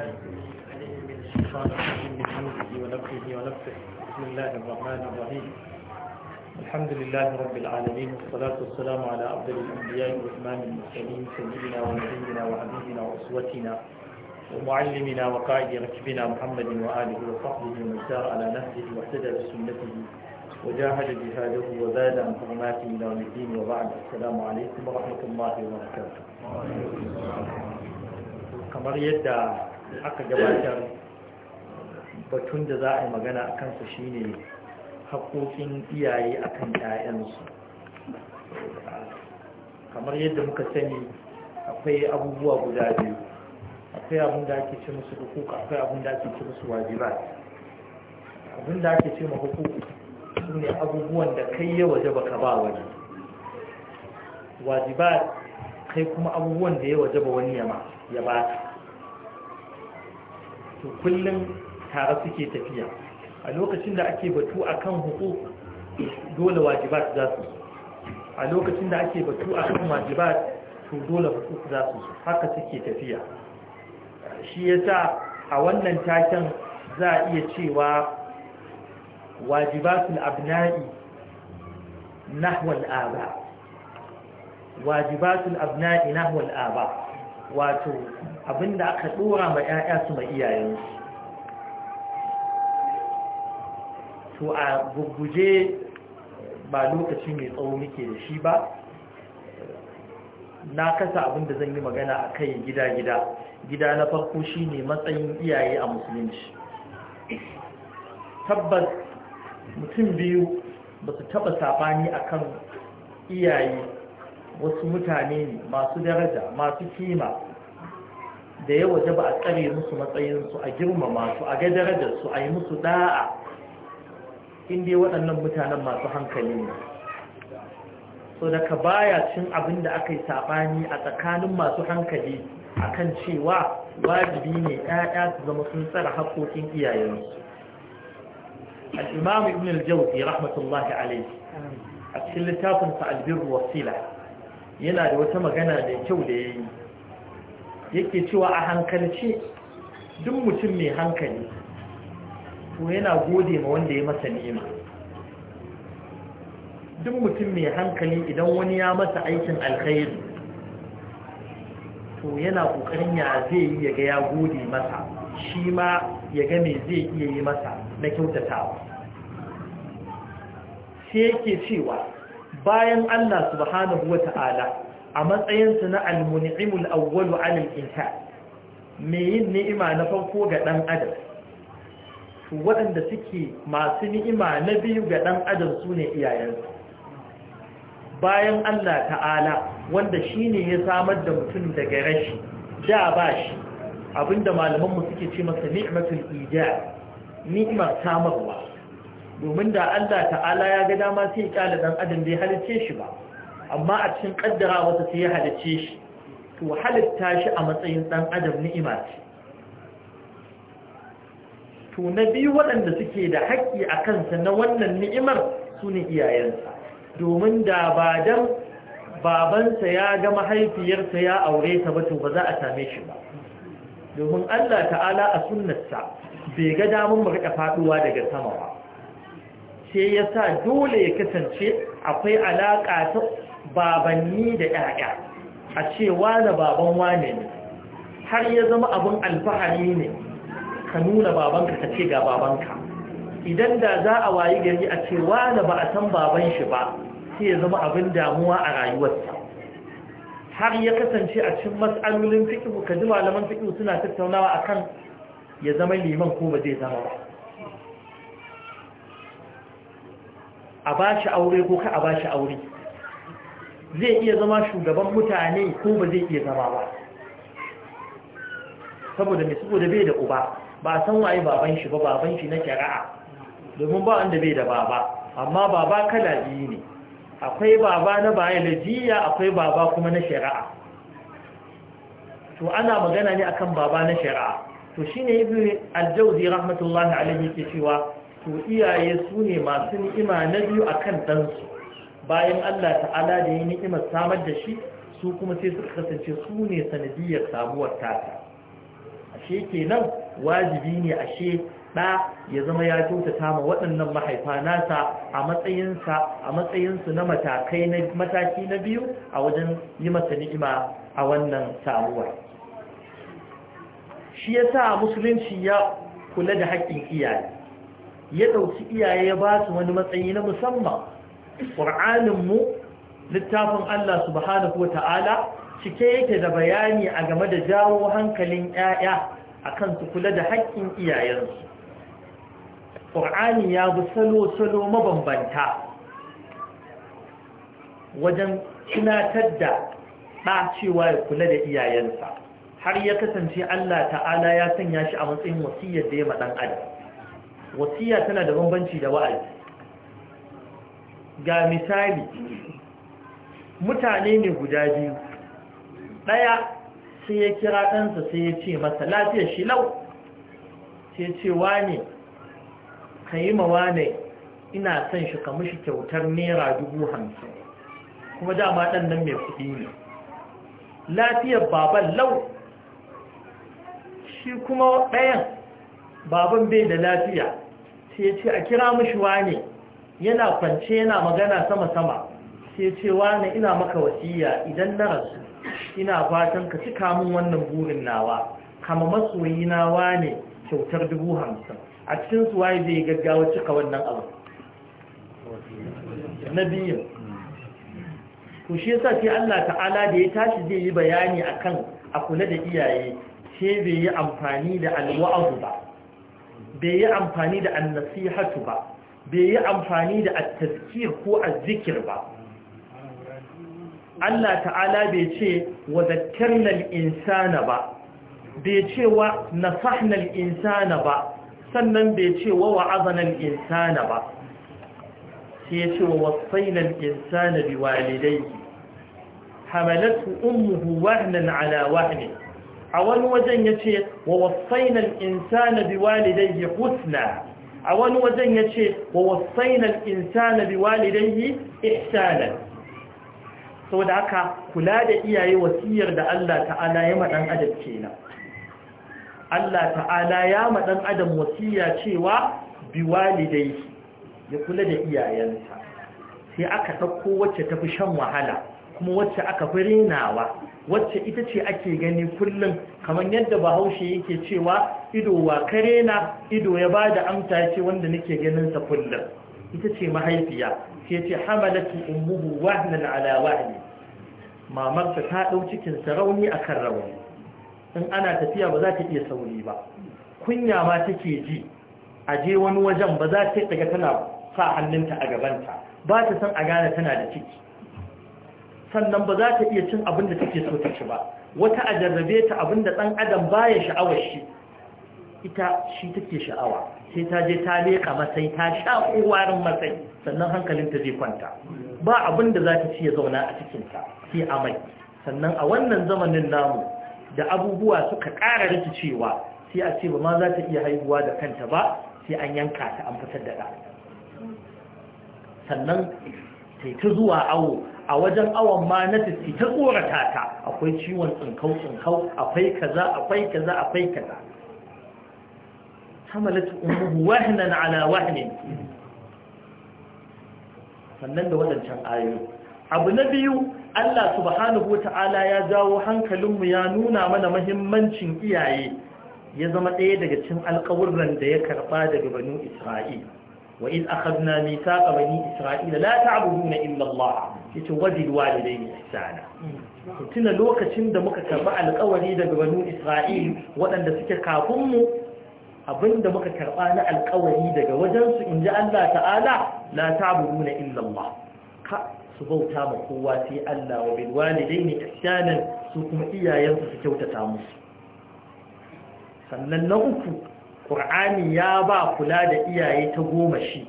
بسم الله الرحمن الرحيم الحمد لله رب العالمين والصلاة والسلام على أفضل الأنبياء وإمام المرسلين سيدنا ونبينا وحبيبنا وأسوتنا ومعلمنا وقائد ركبنا محمد وآله وصحبه ومن سار على نهجه واهتدى بسنته وجاهد جهاده وزاد عن حرماته إلى يوم الدين وبعد السلام عليكم ورحمة الله وبركاته. kamar yadda aka gabatar batun da za a yi magana a shi shine haƙoƙin iyaye a kan 'ya'yansu kamar yadda muka sani akwai abubuwa guda biyu akwai abin da ake ce musu hukuku akwai abin da ake ce musu wajiba abin da ake ce ma hukuku su ne abubuwan da kai ya waje baka ba wani wajiba kai kuma abubuwan da ya waje ba wani ya ba to kullum tare suke tafiya a lokacin da ake batu akan hukuku, dole wajibat za su a lokacin da ake batu akan wajibat to dole hukuku za su haka suke tafiya shi yasa a wannan taken za a iya cewa wajibatul abna'i nahwal aba wajibatul abna'i nahwal aba wato Abin da aka dora ma 'ya'ya su ma iyayensu to a guguje ba lokaci mai tsawo muke da shi ba na kasa da zan yi magana a kai gida-gida gida na farko shi ne matsayin iyaye a musulunci tabbas mutum biyu ba su taba sabani kan iyaye wasu mutane ne masu daraja masu kima da ya waje ba a tsare musu matsayinsu a girmama su a gadarar da su a yi musu da'a inda waɗannan mutanen masu hankali ne so daga baya cin abin da aka yi saɓani a tsakanin masu hankali a kan cewa wajibi ne ɗaya su zama sun tsara haƙoƙin iyayensu al'imamu ibn al rahmatullahi alaihi a cikin littafinsa albirru wasila yana da wata magana da kyau da ya yi yake cewa a hankalce duk mutum mai hankali to yana gode ma wanda ya masa nema. duk mutum mai hankali idan wani ya masa aikin alkhairi to yana kokarin ya zai yi ya ga ya gode masa shi ma ya ga mai zai iya yi masa na kyautatawa sai yake cewa bayan Allah subhanahu ta'ala a matsayinsu na almuni'imul awwalu alal inha me yin ni'ima na farko ga dan adam to waɗanda suke masu ni'ima na biyu ga ɗan adam su ne iyayensu bayan Allah ta'ala wanda shi ne ya samar da mutum daga rashi da ba shi abinda malamanmu suke ce masa ni'matul ija ni'imar samarwa domin da Allah ta'ala ya ga dama sai ya kyale ɗan adam bai halice shi ba amma a cikin kaddara wata sai ya halice shi to halitta shi a matsayin dan adam ni'ima ce to na biyu waɗanda suke da haƙƙi a kansa na wannan ni'imar su ne iyayensa domin da ba dan babansa ya ga mahaifiyarsa ya aure ta ba to ba za a same shi ba domin Allah ta'ala a sunnarsa bai ga damun mu rika faduwa daga sama ba sai ya sa dole ya kasance akwai alaƙa ta babanni da ƴaƴa a ce wane baban wane ne har ya zama abin alfahari ne ka nuna babanka ka ce ga babanka idan da za a wayi gari a ce wane ba a san baban shi ba sai ya zama abin damuwa a rayuwarsa har ya kasance a cikin mas'alolin fikihu ka ji malaman fikihu suna tattaunawa akan ya zama liman ko ba zai zama ba a ba shi aure ko ka a ba shi aure zai iya zama shugaban mutane ko ba zai iya zama ba saboda mai saboda bai da uba ba san waye baban shi ba baban shi na shari'a domin ba wanda bai da baba amma baba kala biyu ne akwai baba na jiya. akwai baba kuma na shari'a to ana magana ne akan baba na shari'a to shine ibnu al-jawzi rahmatullahi alayhi yake cewa to iyaye su ne masu ni'ima na biyu kan dansu bayan Allah ta'ala da ya ni'imar samar da shi su kuma sai suka kasance su ne sanadiyar sabuwar tata ashe kenan wajibi ne ashe ɗa ya zama ya kyautata ma waɗannan mahaifa nasa a matsayinsu na matakai na mataki na biyu a wajen yi masa ni'ima a wannan sabuwar. shi ya sa musulunci ya kula da haƙƙin iyaye ya ɗauki iyaye ya ba su wani matsayi na musamman ƙur'aninmu littafin Allah subhanahu wa ta'ala cike yake da bayani a game da jawo hankalin ‘ya'ya a kan su kula da haƙƙin iyayensu ƙur'ani ya bi salo-salo mabambanta wajen tunatar da ɗa cewa ya kula da iyayensa har ya kasance Allah ta'ala ya sanya shi a matsayin wasiyyar da ya maɗan adam wasiya tana da bambanci da wa'azi ga misali mutane ne guda biyu ɗaya sai ya kira ɗansa sai ya ce masa "Lafiya shi lau sai ya ce wane ka yi ma wane ina son shi ka mushi kyautar naira dubu hamsin kuma dama ɗan nan mai kuɗi ne lafiyar baban lau shi kuma ɗayan baban bai da lafiya sai ya ce a kira mashi wane yana kwance yana magana sama-sama sai cewa na ina maka wasiya idan na rasu ina fatan ka cika min wannan burin nawa kama masoyi nawa ne kyautar dubu hamsin a cikin waye zai gaggawa cika wannan abu na biyu shi yasa sai Allah ta'ala da ya tashi zai yi bayani akan a kula da iyaye sai bai yi amfani da alwa'azu ba bai yi amfani da annasihatu ba bai yi amfani da at ko a zikir ba Allah ta'ala bai ce wa zakkarna insana ba bai ce wa nasahna insana ba sannan bai ce wa wa'azana al-insana ba sai ya ce wa wasaina al bi biwalidayhi hamalatu ummuhu wahnan ala wahnin a wani wajen ya ce wa wasaina al bi biwalidayhi husna a wani wajen ya ce wa wasainar insana bi walidaihi ihsanan sau da haka kula da iyaye wasiyar da Allah ta'ala ya maɗan adam kenan Allah ta'ala ya maɗan adam wasiya cewa bi ya kula da iyayensa sai aka ɗauko wacce tafi shan wahala kuma wacce aka fi renawa wacce ita ce ake gani kullum kamar yadda bahaushe yake cewa ido wa kare na ido ya ba da amsa ce wanda nake ganin sa kullum ita ce mahaifiya ke ce hamalatu ummuhu wahnan ala wahni mamar ta dau cikin sarauni a kan rauni in ana tafiya ba za ta iya sauri ba kunya ma take ji a je wani wajen ba za ta daga tana sa hannunta a gabanta ba ta san a gane tana da ciki sannan ba za ta iya cin abin da take so ta ci ba wata a jarrabe ta abin da ɗan adam baya sha'awar shi ita shi take sha'awa sai ta je ta leƙa matsayi, ta sha ƙwarin masai sannan hankalinta zai kwanta ba abin da za ta ci ya zauna a cikinta sai amai sannan a wannan zamanin namu da abubuwa suka ƙara rikicewa sai a ce ba ma za ta iya haihuwa da kanta ba sai an yanka ta an fitar da ɗa sannan sai ta zuwa awo a wajen awon ma na tafi ta tsorata ta akwai ciwon tsinkau tsinkau akwai kaza akwai kaza akwai kaza hamalat ummuhu wahnan ala wahnin sannan da wadancan ayoyi abu na biyu Allah subhanahu wata'ala ya jawo hankalinmu ya nuna mana mahimmancin iyaye ya zama ɗaya daga cikin alƙawurran da ya karɓa daga banu Isra'il wa iz akhadna mithaqa bani Isra'ila la ta'buduna illa Allah yace wajid walidaini ihsana tuna lokacin da muka karba alƙawari daga banu isra'il waɗanda suke kafin mu abinda muka karba na alƙawari daga wajensu in inji Allah ta'ala na ta'buduna na illallah. ka su bauta ma kowa sai Allah wa bil ne ihsana su kuma iyayensu su kyautata musu sannan na uku Kur'ani ya ba kula da iyaye ta goma shi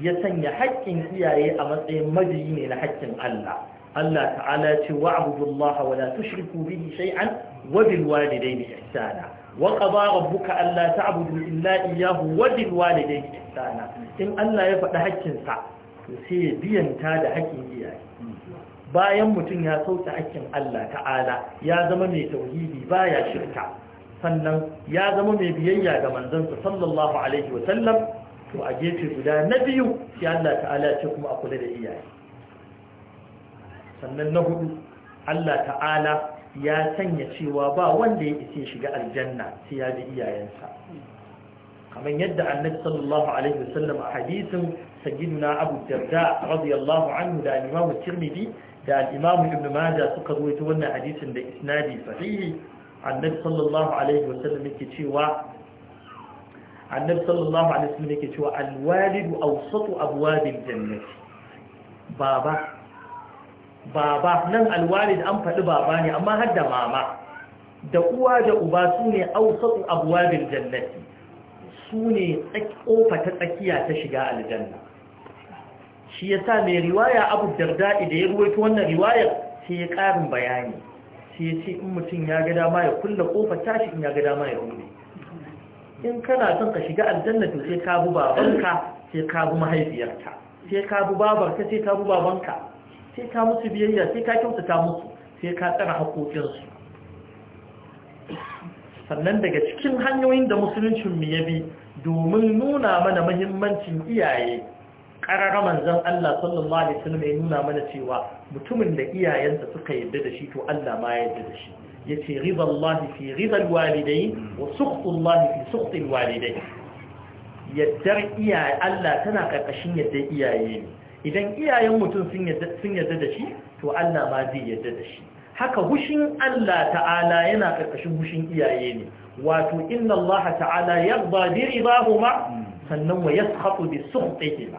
ya sanya haƙƙin iyaye a matsayin majiyi ne na haƙƙin Allah Allah ta'ala ce wa'budullaha wa la tushriku bihi shay'an wa bil walidayni ihsana wa qada rabbuka alla ta'budu illa iyyahu wa bil walidayni ihsana in Allah ya faɗi haƙƙin sa to sai ya biyanta da haƙƙin iyaye bayan mutum ya sauta haƙƙin Allah ta'ala ya zama mai tauhidi baya shirka sannan ya zama mai biyayya ga manzansa sallallahu alaihi wa sallam to a gefe guda na biyu sai Allah ta'ala ce kuma a kula da iyaye sannan na hudu Allah ta'ala ya sanya cewa ba wanda ya isa shiga aljanna sai ya bi iyayensa kamar yadda annabi sallallahu alaihi wasallam a hadisin sayyiduna Abu Darda radiyallahu anhu da Imam Tirmidhi da Imam ibnu Majah suka rawaito wannan hadisin da isnadi sahihi annabi sallallahu alaihi wasallam yake cewa annabi sallallahu alaihi wasallam yake cewa alwalidu awsatu abwabil jannati baba baba nan alwalid an faɗi baba ne amma har da mama da uwa da uba su ne awsatu abwabil jannati su ne kofa ta tsakiya ta shiga aljanna shi yasa mai riwaya Abu dardadi da ya ruwaito wannan riwayar sai ya ƙarin bayani sai ya ce in mutum ya ga dama ya kulle kofa tashi in ya ga dama ya rubuta in kana son ka shiga aljanna to sai ka bi babanka sai ka bi mahaifiyarka sai ka bi babarka sai ka bi babanka sai ka musu biyayya sai ka kyautata musu sai ka tsara haƙoƙinsu sannan daga cikin hanyoyin da musuluncin mu ya bi domin nuna mana muhimmancin iyaye ƙararra manzan Allah sallallahu Alaihi wasallam ya nuna mana cewa mutumin da iyayensa suka yadda da shi to Allah ma yadda da shi yace riba Allah fi riba alwalidai wa sukhtu Allah fi sukhti alwalidai yaddar iyaye Allah tana karkashin yadda iyaye ne idan iyayen mutum sun yadda sun yadda da shi to Allah ma zai yadda da shi haka hushin Allah ta'ala yana karkashin hushin iyaye ne wato inna Allah ta'ala yarda bi ridahuma sannan wa yaskhatu bi sukhtihima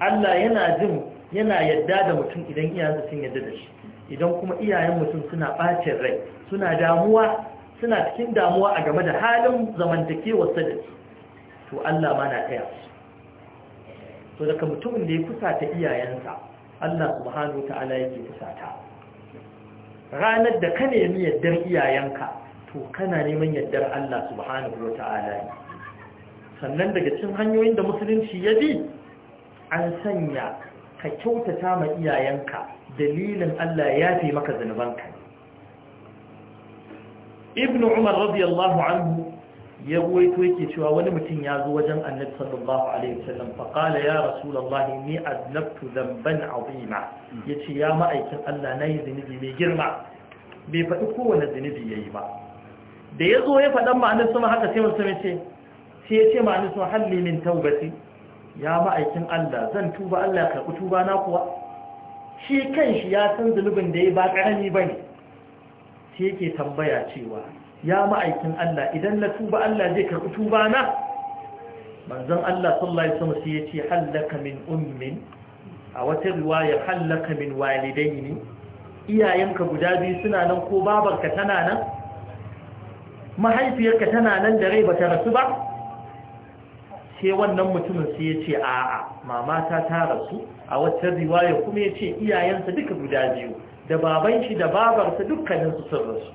Allah yana jin yana yadda da mutum idan iyayen sun yadda da shi idan kuma iyayen mutum suna ɓacin rai suna damuwa suna cikin damuwa a game da halin zamantakewar su da to Allah ma na taya su to daga mutumin da ya kusata iyayensa Allah subhanahu ta'ala yake kusata ranar da ka nemi yaddar iyayenka to kana neman yaddar Allah subhanahu ta'ala sannan daga cikin hanyoyin da musulunci ya bi an sanya ka kyautata ma iyayenka dalilin Allah ya fi maka zanubanka ibn umar radiyallahu anhu ya waito yake cewa wani mutum ya zo wajen annabi sallallahu alaihi wasallam fa qala ya rasulullahi ni adnabtu dhanban azima yace ya ma'aikin Allah nayi zinubi mai girma bai faɗi kowane zinubi yayi ba da ya zo ya faɗa ma'anar sama haka sai mutum yace sai yace ma'anar sama halli min taubati ya ma'aikin Allah zan tuba Allah ya karɓi tuba na kuwa shi kan shi ya san zunubin da ya ba ƙarami ba ne sai yake tambaya cewa ya ma'aikin Allah idan na tuba Allah zai karɓi tuba na manzon Allah sallallahu alaihi wasallam sai ya ce hallaka min ummin a wata riwaya hallaka min walidaini iyayenka guda biyu suna nan ko babarka tana nan mahaifiyarka tana nan da rai bata rasu ba sai wannan mutumin sai ya ce a'a mamata ta rasu a wata riwaya kuma ya ce iyayensa duka guda biyu da baban shi da babarsa dukkaninsu sun rasu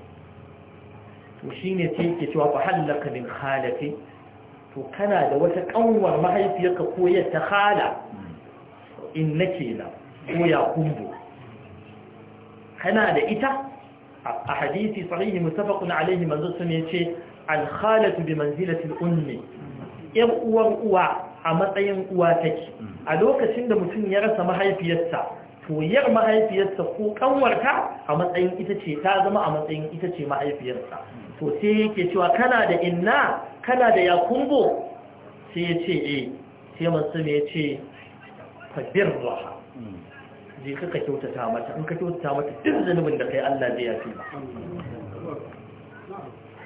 to shi ne ce yake cewa fa hallaka min khalafi to kana da wata kanwar mahaifiyarka ko ya ta khala in nake na ko ya kumbo kana da ita a hadisi sahihi mutafaqun alaihi manzo sun yace al khalatu bi manzilati al ummi yar uwar uwa a matsayin uwa take a lokacin da mutum ya rasa mahaifiyarsa koyar mahaifiyarsa ko kanwarta a matsayin ita ce ta zama a matsayin ita ce mahaifiyarsa to sai yake cewa kana da inna kana da yakumbo sai ya ce eh sai masu ya ce fabirraha je ka kyautata mata in ka kyautata mata duk zanubin da kai Allah zai yafi ba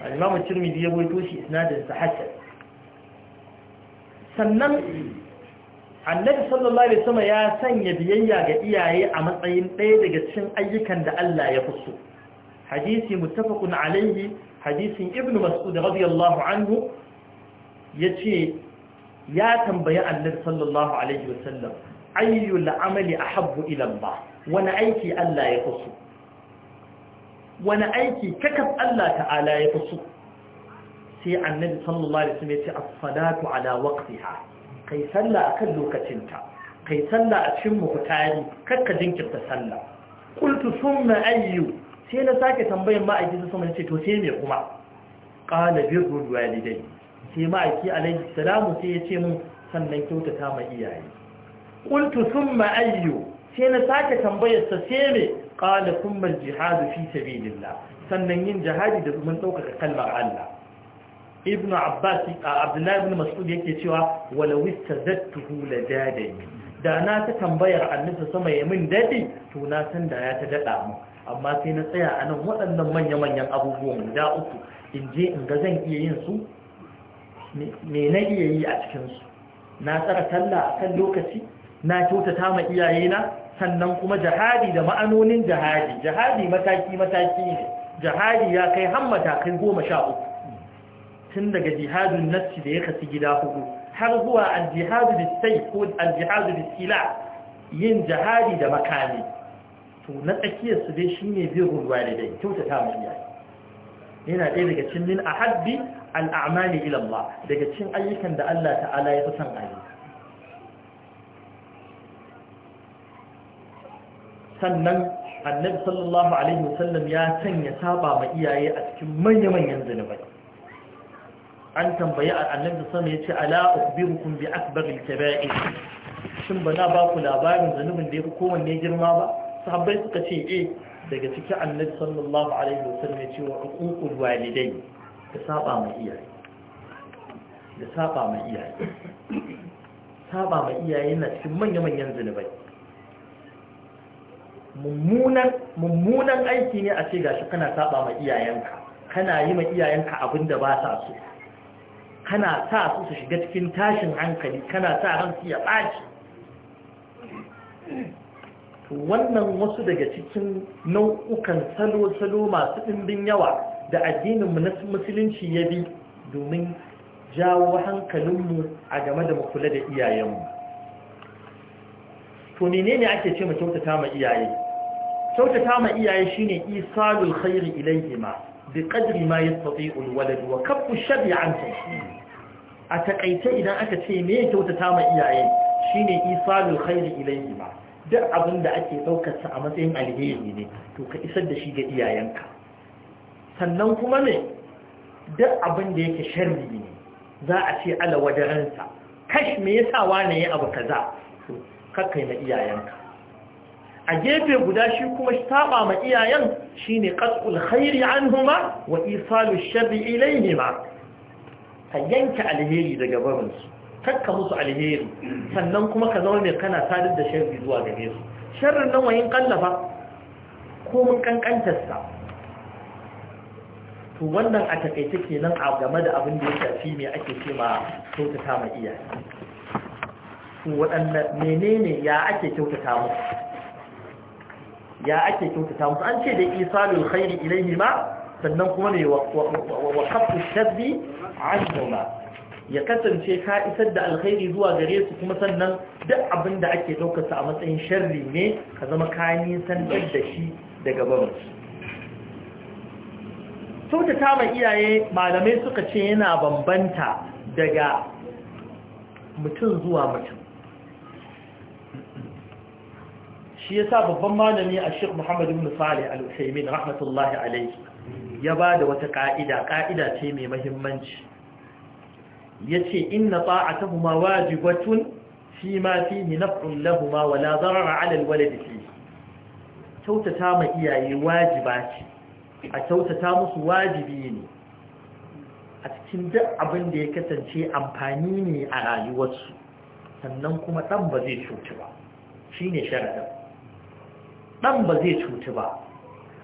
al-Imam Tirmidhi ya rawaito shi isnadin da sannan annabi sallallahu alaihi wasallam ya sanya biyayya ga iyaye a matsayin ɗaya daga cikin ayyukan da Allah ya fuso hadisi muttafaqun alaihi hadisin ibnu mas'ud radiyallahu anhu yace ya tambaye annabi sallallahu alaihi wasallam ayyul amali ahabbu ila Allah wani aiki Allah ya fuso wani aiki kakas Allah ta'ala ya fuso sai annabi sallallahu alaihi wasallam ya ce as-salatu ala waqtiha kai sallah akan lokacinta kai sallah a cikin mukutari kakka jinkirta sallah qultu thumma ayyu sai na sake tambayin ma'aiki su sama ce to sai me kuma qala birrul walidai sai ma'aiki alaihi salamu sai yace ce mun sannan kyautata ma iyaye qultu thumma ayyu sai na sake tambayar sa sai me qala thumma al-jihadu fi sabilillah sannan yin jihadi da mun daukaka kalmar Allah ibn abbas abdullahi ibn mas'ud yake cewa walau istazattuhu ladadani da na ta tambayar annabi sama ya min dadi to na san da ya ta dada mu amma sai na tsaya a nan waɗannan manya-manyan abubuwan guda uku in je in ga zan iya yin su me na iya yi a cikinsu na tsara talla a kan lokaci na kyautata ma iyayena sannan kuma jihadi da ma'anonin jihadi jihadi mataki-mataki ne jihadi ya kai har matakai goma sha uku tun daga jihadun nassi da ya kasu gida hudu har zuwa aljihadu da sai ko aljihadu da sila yin jihadi da makami to na tsakiyarsu dai shi ne birrun walidai kyautata mu iyaye yana ɗaya daga cin min haddi al'amali ila daga cikin ayyukan da Allah ta'ala ya fi son sannan annabi sallallahu alaihi wasallam ya sanya saba ma iyaye a cikin manya-manyan zunubai an tambayi annabi sama ya ce ala ukhbirukum bi akbaril kaba'ir shin ba na ba ku labarin zanubin da ya fi kowanne girma ba sahabbai suka ce eh daga ciki annabi sallallahu alaihi wasallam ce, wa uququl walidai Ka saba ma iyaye da saba ma iyaye saba ma iyaye yana cikin manya-manyan zanubai mummunan mummunan aiki ne a ce gashi kana saba ma iyayenka kana yi ma iyayenka abin da ba sa so kana sa su su shiga cikin tashin hankali kana sa ransu ya ɓaci wannan wasu daga cikin nau'ukan salo-salo masu ɗimbin yawa da addininmu na musulunci ya bi domin jawo hankalinmu a game da makula da iyayenmu to menene ake ce mu kyautata ma iyaye kyautata ma iyaye shine isalul khairi ilayhima bi qadri ma yastati'u alwalad wa kaffu sharri an a takaice idan aka ce me kyautata ma iyaye shine isalul khairi ilayhi ba duk abin da ake daukar a matsayin alheri ne to ka isar da shi ga iyayenka sannan kuma ne duk abin da yake sharri ne za a ce ala wadaransa kash me yasa wane ya abu kaza to kakkai na iyayenka a gefe guda shi kuma saba ma iyayen shine qat'ul khairi anhuma wa isalu sharri ilayhima ka yanke alheri daga barinsu kakka musu alheri sannan kuma ka zama mai kana sadar da sharri zuwa gare su sharrin nan wayin kallafa ko mun kankantarsa to wannan a takaice kenan a game da abin da ya shafi mai ake ce ma kyautata ma iyaye to waɗanne menene ya ake kyautata musu ya ake kyautata mu an ce da isalul khairi ma. sannan kuma ne wa kafu shaddi anhuma ya kasance ka isar da alkhairi zuwa gare su kuma sannan duk abin da ake ɗaukarsa a matsayin sharri ne ka zama kayan santar da shi daga su ta ma iyaye malamai suka ce yana bambanta daga mutum zuwa mutum shi ya sa babban malami a shek muhammadu musali al-usaimin rahmatullahi alaihi ya ba da wata ƙa'ida ƙa'ida ce mai mahimmanci ya ce inna ta'ata huma wajibatun fi ma fi na lahuma wa la zarara alal da fi kyautata ma iyaye wajiba ce a kyautata musu wajibi ne a cikin duk abin da ya kasance amfani ne a rayuwarsu sannan kuma ɗan ba zai cutu ba shi ne sharaɗin ɗan ba zai cutu ba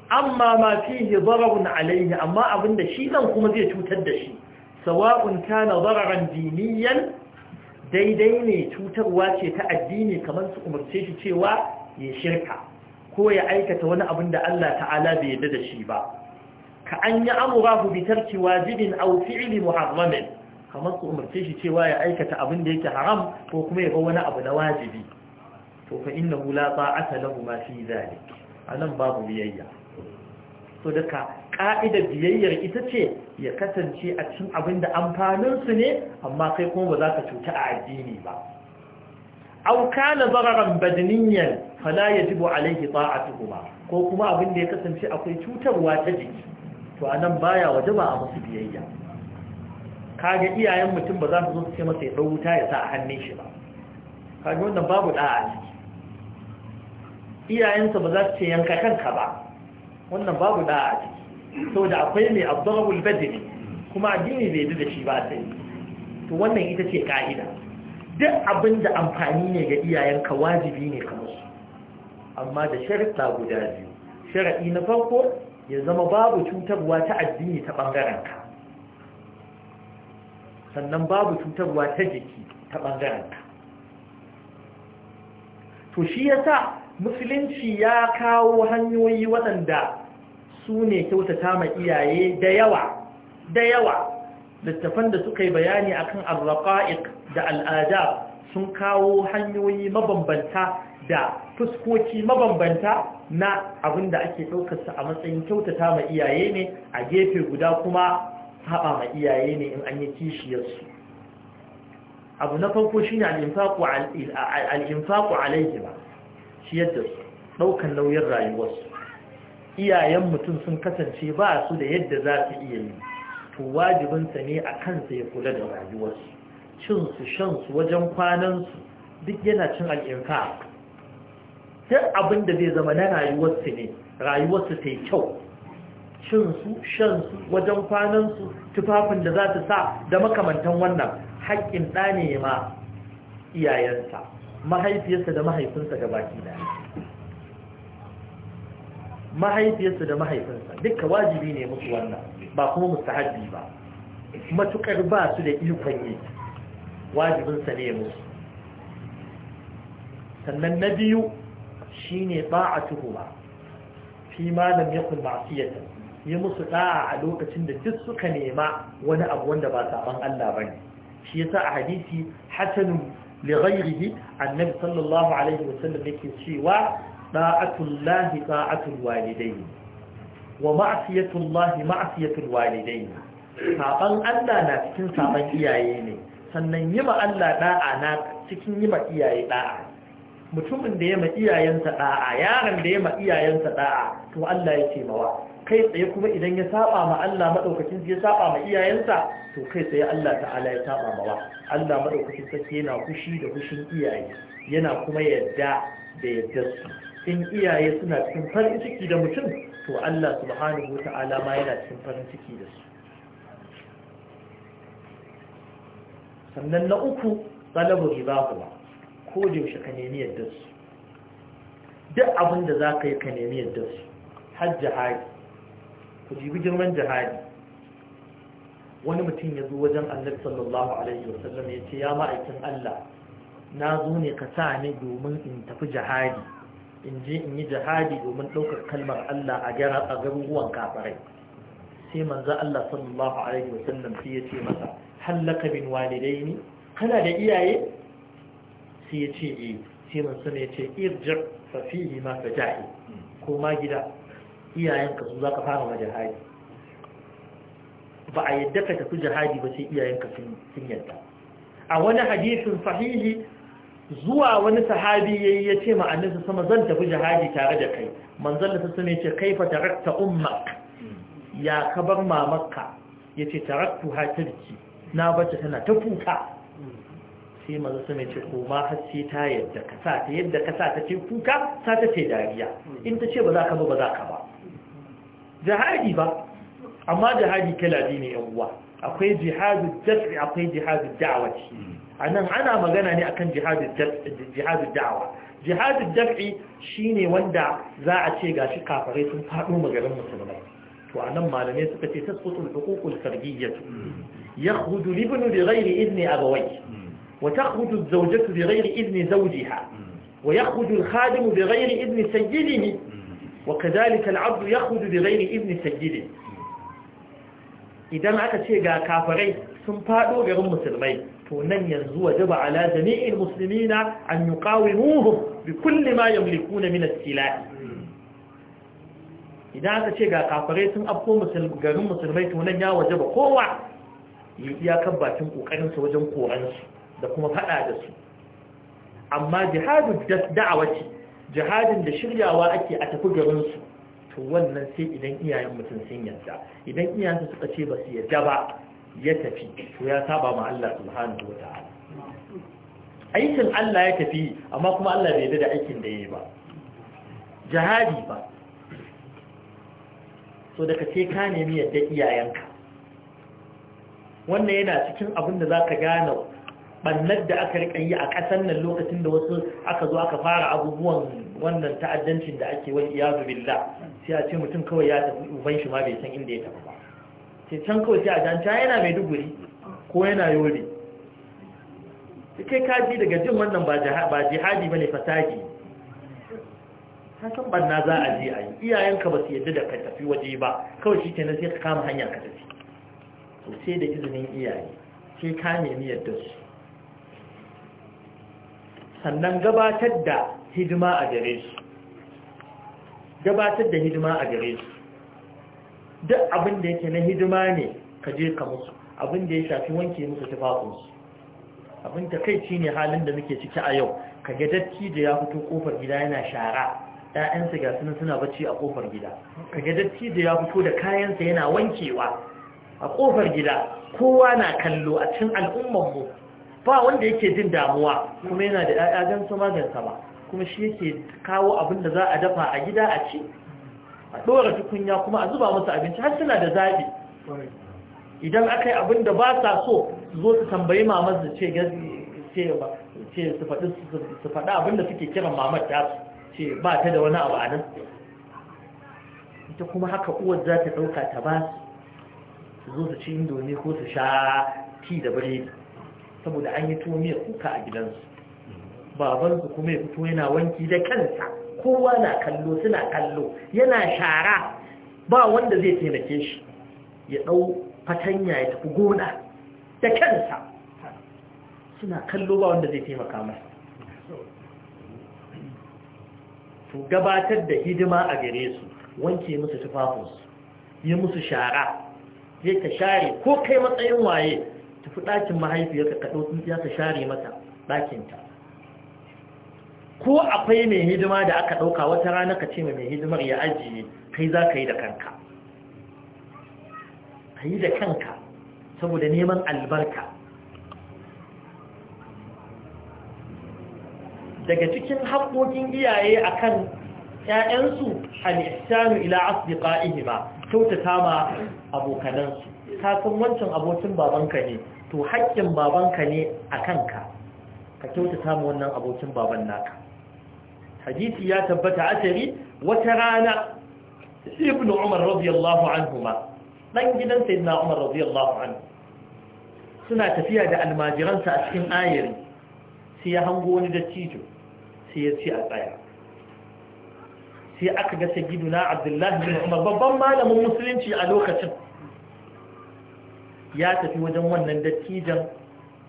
amma ma fihi dararun alayhi amma abinda shi nan kuma zai cutar da shi sawa'un kana dararan diniyan daidai ne cutarwa ce ta addini kamar su umarce shi cewa ya shirka ko ya aikata wani abin da Allah ta'ala bai yarda da shi ba ka an yi ku bi tarki wajibin aw fi'li muharramin kamar su umarce shi cewa ya aikata abin da yake haram ko kuma ya ga wani abu na wajibi to fa innahu la ta'ata lahu ma fi zalik a nan babu biyayya so ƙa'idar ka'idar biyayyar ita ce ya kasance a cikin abin da amfaninsu ne amma kai kuma ba za ka cuta a addini ba au kana zararan badaniyan fala yajibu alaihi ba, ko kuma abin da ya kasance akwai cutarwa ta jiki to anan baya waje ba a musu biyayya kaga iyayen mutum ba za su zo su ce masa ya dau wuta ya sa a hannun shi ba kaga wannan babu da'a ciki iyayensa ba za su ce yanka kanka ba wannan babu da a ciki saboda akwai mai abdurrabul badri kuma addini bai yi da shi ba sai to wannan ita ce ka'ida duk abin da amfani ne ga iyayenka wajibi ne ka su. amma da sharuɗa guda biyu sharaɗi na farko ya zama babu cutarwa ta addini ta ɓangarenka sannan babu cutarwa ta jiki ta ɓangarenka to shi ya sa musulunci ya kawo hanyoyi waɗanda su ne kyautata ma iyaye da yawa da yawa littafan da suka yi bayani akan al-raqa'iq da al'ada sun kawo hanyoyi mabambanta da fuskoki mabambanta na abin da ake ɗaukarsa a matsayin kyautata ma iyaye ne a gefe guda kuma haɓa ma iyaye ne in an yi kishiyarsu abu na farko shi ne al'infaku alaihima ciyar da su ɗaukan nauyin rayuwarsu iyayen mutum sun kasance ba su da yadda za su iya yi to wajibinsa ne a kansa ya kula da rayuwarsu cinsu shansu wajen kwanansu duk yana cin al'inka sai abin da zai zama na rayuwarsu ne rayuwarsu ta yi kyau cinsu shansu wajen kwanansu tufafin da za su sa da makamantan wannan haƙƙin ɗane ma iyayensa mahaifiyarsa da mahaifinsa ga baki da mahaifiyarsa da mahaifinsa duka wajibi ne musu wannan ba kuma mustahabbi ba matukar ba su da ikon yi wajibinsa ne musu sannan na biyu shi ne ba shine ba'atuhuma fi ma lam yakun ma'siyatan yi musu ɗa'a a lokacin da duk suka nema wani abu wanda ba saban Allah ba ne, shi ya sa a hadisi hasanun li ghairihi annabi sallallahu alaihi wasallam yake cewa da'atullahi da'atul walidayn wa ma'siyatullahi ma'siyatul walidayn saban Allah na cikin saban iyaye ne sannan yi ma Allah da'a na cikin yi ma iyaye da'a mutumin da ya ma iyayensa da'a yaron da ya ma iyayensa da'a to Allah ya ce mawa kai tsaye kuma idan ya saba ma Allah madaukakin ya saba ma iyayensa to kai tsaye Allah ta'ala ya saba ma wa. Allah madaukakin sarki yana kushi da kushin iyaye yana kuma yadda da yadda su in iyaye suna cikin farin ciki da mutum to Allah subhanahu wata'ala ma yana cikin farin ciki da su sannan na uku talabu ribahuwa ko da yaushe ka nemi yadda su duk abin da za yi ka nemi yadda su hajji haji ku jibi girman jihadi wani mutum ya zo wajen annabi sallallahu alaihi wa sallam ya ce ya ma'aikin Allah na zo ne ka sa ni domin in tafi jihadi in je in yi jihadi domin ɗaukar kalmar Allah a garuruwan kafarai sai manzo Allah sallallahu alaihi sallam sai ya ce masa hallaka bin walidaini kana da iyaye sai ya ce eh sai manzo ne ya ce irji fa fihi ma fajahi ma gida iyayenka su za ka fara wa jihadi ba a yadda ka tafi jihadi ba sai iyayenka sun yadda a wani hadisin sahihi zuwa wani sahabi yayi ya ce su sama zan tafi jihadi tare da kai manzon da ne ce kaifa tarakta ummak ya kabar mamakka ya ce taraktu ha na bacci tana ta kuka sai manzo sai ce ta yadda ka sa ta yadda ka sa ta ce kuka sa ta ce dariya in ta ce ba za ka ba ba za ka ba jihadi ba amma jihadi kala ne yan uwa akwai jihadi daf'i akwai jihadu a nan ana magana ne akan jihadi jihadu jihadi jihadu shine wanda za a ce shi kafare sun fado magarin musulmai to anan malamai suka ce tasqutul huququl fardiyyah yakhruju da bi ghairi a abawayhi وتخرج الزوجة بغير إذن زوجها ويخرج الخادم بغير إذن سيده وكذلك العبد يخرج بغير إذن سيده idan aka ce ga kafirai sun fado garin musulmai to nan yanzu wajaba ala jami'il muslimina an yuqawimuhum bi kulli ma idan aka ce ga kafare sun afko garin musulmai tunan ya wajaba kowa ya iya kan bakin kokarin wajen koransu da kuma faɗa da su amma jihadin da'awa ce jihadin da shiryawa ake a tafi garinsu to wannan sai idan iyayen mutum sun yarda idan iyayensa suka ce ba su yarda ba ya tafi to ya saba ma Allah subhanahu wa ta'ala aikin Allah ya tafi amma kuma Allah bai yarda da aikin da yayi ba jihadi ba so daga ce ka nemi yarda iyayenka wannan yana cikin abin da zaka gane bannar da aka riƙa yi a ƙasar nan lokacin da wasu aka zo aka fara abubuwan wannan ta'addancin da ake wani iyazu billah sai a ce mutum kawai ya tafi uban shi ma bai san inda ya tafi ba sai can kawai sai a jan can yana mai duguri ko yana yore kai kaji daga jin wannan ba jihadi ba ne fasadi hasan banna za a je a yi iyayenka ba su yadda da ka tafi waje ba kawai shi kenan sai ka kama hanya ka tafi sai da izinin iyaye sai ka nemi yadda su sannan gabatar da hidima a gare su gabatar da hidima a gare su duk abin da yake na hidima ne ka je ka musu abin da ya shafi wanke musu tufafinsu abin ta kai ci ne halin da muke ciki a yau ka ga datti da ya fito kofar gida yana shara ‘ya'yansa ga suna suna bacci a kofar gida ka ga datti da ya fito da kayansa yana wankewa a kofar gida kowa na kallo a cin al'ummanmu ba wanda yake jin damuwa kuma yana da ƴaƴa gan su magansa ba kuma shi yake kawo abin da za a dafa a gida a ci a ɗora tukunya kuma a zuba musu abinci har suna da zaɓi idan aka yi abin da ba sa so zo su tambayi mamar su ce su faɗi abin da suke kiran mamar ta ce ba ta da wani abu a nan ita kuma haka uwar za ta ɗauka ta ba su zo su ci indomi ko su sha ti da biredi saboda an yi tumiya kuka a gidansu su kuma ya fito yana wanki da kansa kowa na kallo suna kallo yana shara ba wanda zai taimake shi ya ɗau fatanya ya tafi gona da kansa suna kallo ba wanda zai taimaka masa su gabatar da hidima a gare su wanke musu tufafinsu yi musu shara zai ta share ko kai matsayin waye tafi ɗakin mahaifiyarka ka sun tsintsiya ka share mata ɗakinta ko akwai mai hidima da aka ɗauka wata rana ka ce mai hidimar ya ajiye kai za ka yi da kanka ka yi da kanka saboda neman albarka daga cikin haƙoƙin iyaye a kan ‘ya'yansu al'isanu ila asbiqa ihima kyautata ma abokanansu ka san wancan abokin babanka ne to haƙƙin babanka ne a kanka ka kyautata mu wannan abokin baban naka hadisi ya tabbata asari wata rana ibnu umar radiyallahu ma dan gidan sayyidina umar radiyallahu anhu suna tafiya da almajiransa a cikin ayari sai ya hango wani dattijo sai ya ci a tsaya sai aka ga sayyiduna abdullahi ibn umar babban malamin musulunci a lokacin ya tafi wajen wannan dattijan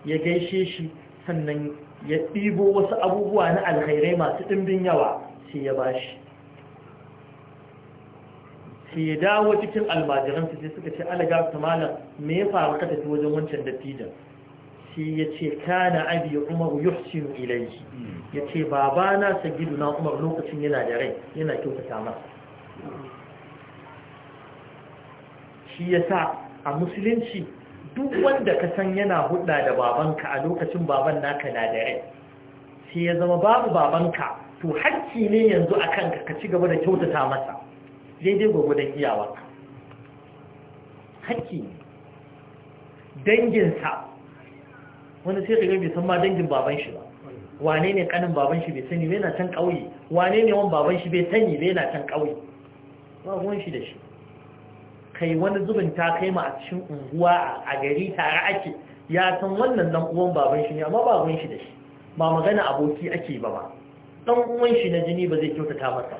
ya gaishe shi sannan ya ɗibo wasu abubuwa na alkhairai masu ɗimbin yawa sai ya bashi sai ya dawo cikin almajiransa sai suka ce su malam me ya faru ka tafi wajen wancan dattijan sai ya ce kana abi umaru yuhsinu shi ya ce babana na umar lokacin yana da rai yana kyautata masa shi ya sa a musulunci duk wanda ka san yana hudda da babanka a lokacin baban naka na da rai sai ya zama babu babanka to hakki ne yanzu a kanka ka ci gaba da kyautata masa daidai da kiyawa. hakki ne danginsa wanda sai ga bai san ma dangin baban shi ba wane ne kanin baban shi bai sani bai na can ƙauye wane ne wan baban shi bai sani bai na can ƙauye ba ruwan shi da shi kai wani zubin ta kai ma a cikin unguwa a gari tare ake ya san wannan dan uwan baban shi ne amma baban shi da shi ba magana aboki ake ba ba dan uwan shi na jini ba zai kyautata masa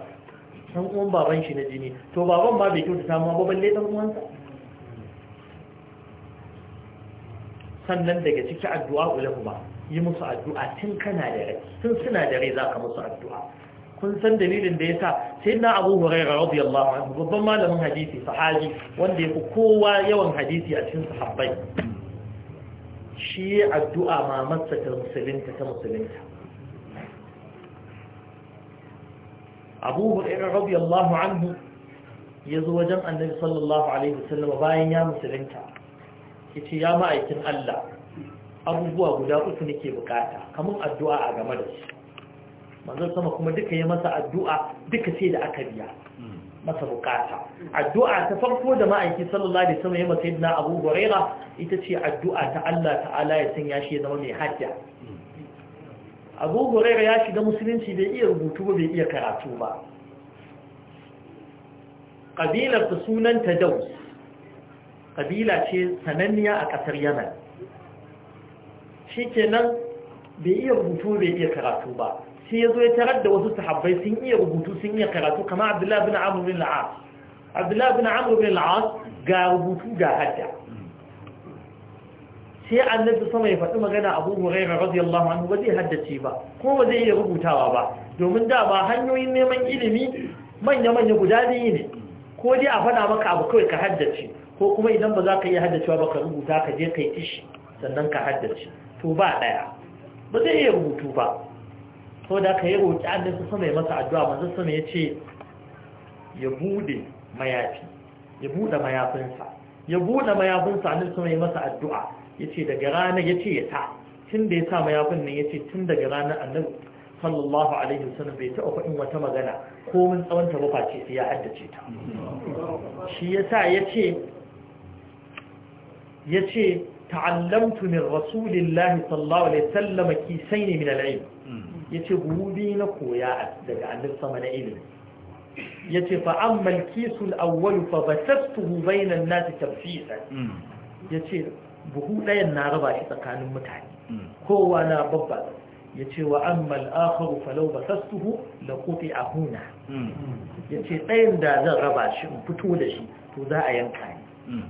dan uwan baban shi na jini to baban ba bai kyautata ma ba balle dan uwansa sannan daga ciki addu'a ulahu ba yi musu addu'a tun kana da rai tun suna da rai zaka musu addu'a kun san dalilin da ya sa sai na abu huraira radiyallahu anhu babban malamin hadisi sahabi wanda ya fi kowa yawan hadisi a cikin sahabbai shi addu'a mamarsa ta musulunta ta musulunta abu huraira radiyallahu anhu ya zo wajen annabi sallallahu alaihi wasallam bayan ya musulunta ya ce ya ma'aikin Allah abubuwa guda uku nake bukata kamun addu'a a game da shi manzon sama kuma duka ya masa addu'a duka sai da aka biya masa bukata addu'a ta farko da ma'aiki sallallahu alaihi wasallam ya masa yadda Abu Huraira ita ce addu'a ta Allah ta'ala ya sanya shi ya zama mai hajja Abu Huraira ya shiga musulunci bai iya rubutu ba bai iya karatu ba kabilar ta sunan ta Daus kabila ce sananniya a kasar Yemen shikenan bai iya rubutu bai iya karatu ba sai ya zo ya tarar da wasu sahabbai sun iya rubutu sun iya karatu kama abdullahi bin amurin bin la'as abdullahi bin amur bin ga rubutu ga hadda sai annabi sama ya faɗi magana abu hurairah radiyallahu anhu ba zai haddace ba Kuma ba zai iya rubutawa ba domin da ba hanyoyin neman ilimi manya-manya guda biyu ne ko dai a faɗa maka abu kawai ka haddace ko kuma idan ba za ka iya haddacewa ba ka rubuta ka je kai tishi sannan ka haddace to ba ɗaya ba zai iya rubutu ba Sau da aka yi roƙi annin su sama ya masa addu'a manzo sama ya ce ya bude mayafi ya bude mayafinsa ya bude mayafinsa annin sama ya masa addu'a ya ce daga ranar ya ce ya ta tun da ya sa mayafin nan ya ce tun daga ranar annan, sallallahu alaihi wasallam bai taɓa faɗin wata magana ko mun tsawon ta bafa ce sai ya haddace ta shi yasa ya ce ya ce ta'allamtu min rasulillahi sallallahu alaihi wasallam kisaini min al ya ce buhu biyu na koya daga annabi sama na ilimi ya ce fa an malkisul awwalu fa basastuhu nan nasi tafsira hmm. ya ce buhu ɗayan na raba shi tsakanin mutane hmm. kowa na babba ya ce wa an mal'akaru falau basastuhu da kofi a huna hmm. ya ce ɗayan da zan raba shi in fito da shi to za a yanka ne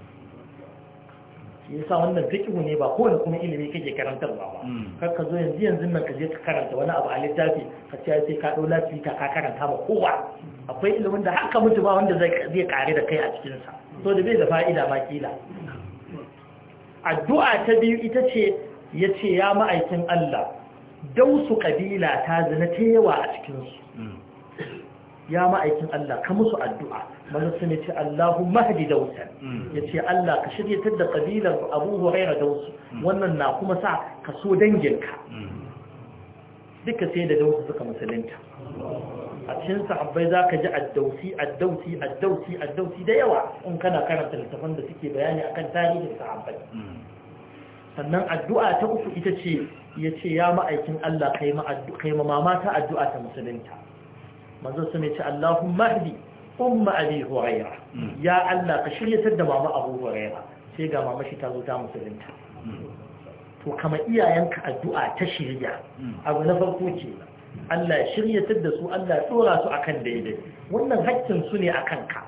yasa wannan fiqhu ne ba kowane kuma ilimi kake karantarwa ba hmm. kar ka zo yanzu yanzu nan ka je ka karanta wani abu a littafi ka ce sai ka dau lafita ka karanta ba kowa akwai ilimin da haka mutu ba wanda zai kare da kai a cikin sa so da bai da fa'ida ma kila addu'a ta biyu ita ce yace ya ma'aikin Allah dausu kabila ta zina ta yawa a cikin su hmm. ya ma'aikin Allah ka musu addu'a manzo sun ce Allahumma hadi dausan mm. yace Allah ka shiryatar da kabilar Abu Hurairah dausu mm. wannan na kuma sa ka so danginka mm. duka sai da dausu suka musulunta a cikin sahabbai zaka ji addausi addausi addausi addausi da yawa in kana karanta littafan da suke bayani akan tarihin sahabbai sannan addu'a ta uku ita ce yace ya ma'aikin Allah kai ma addu'a kai ma mama ta addu'a ta musulunta manzo sun ce Allahumma hdi umma abi huraira mm. ya Allah ka shiryatar da mama abu huraira sai ga mama shi ta zo ta musulunta mm. to kama iyayenka addu'a ta shirya mm. abu na farko ce Allah ya da su Allah ya tsora su akan daidai wannan haƙƙin su ne akan ka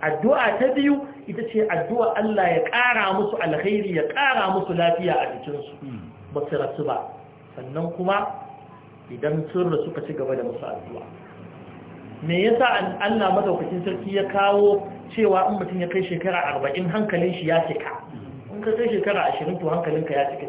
addu'a ta biyu ita ce addu'a Allah ya ƙara musu alkhairi ya ƙara musu lafiya a jikinsu ba su rasu ba sannan kuma idan sun rasu ka ci gaba da musu addu'a me yasa Allah madaukakin sarki ya kawo cewa in mutum ya kai shekara 40 hankalin shi ya cika in ka kai shekara 20 to hankalinka ya cika ke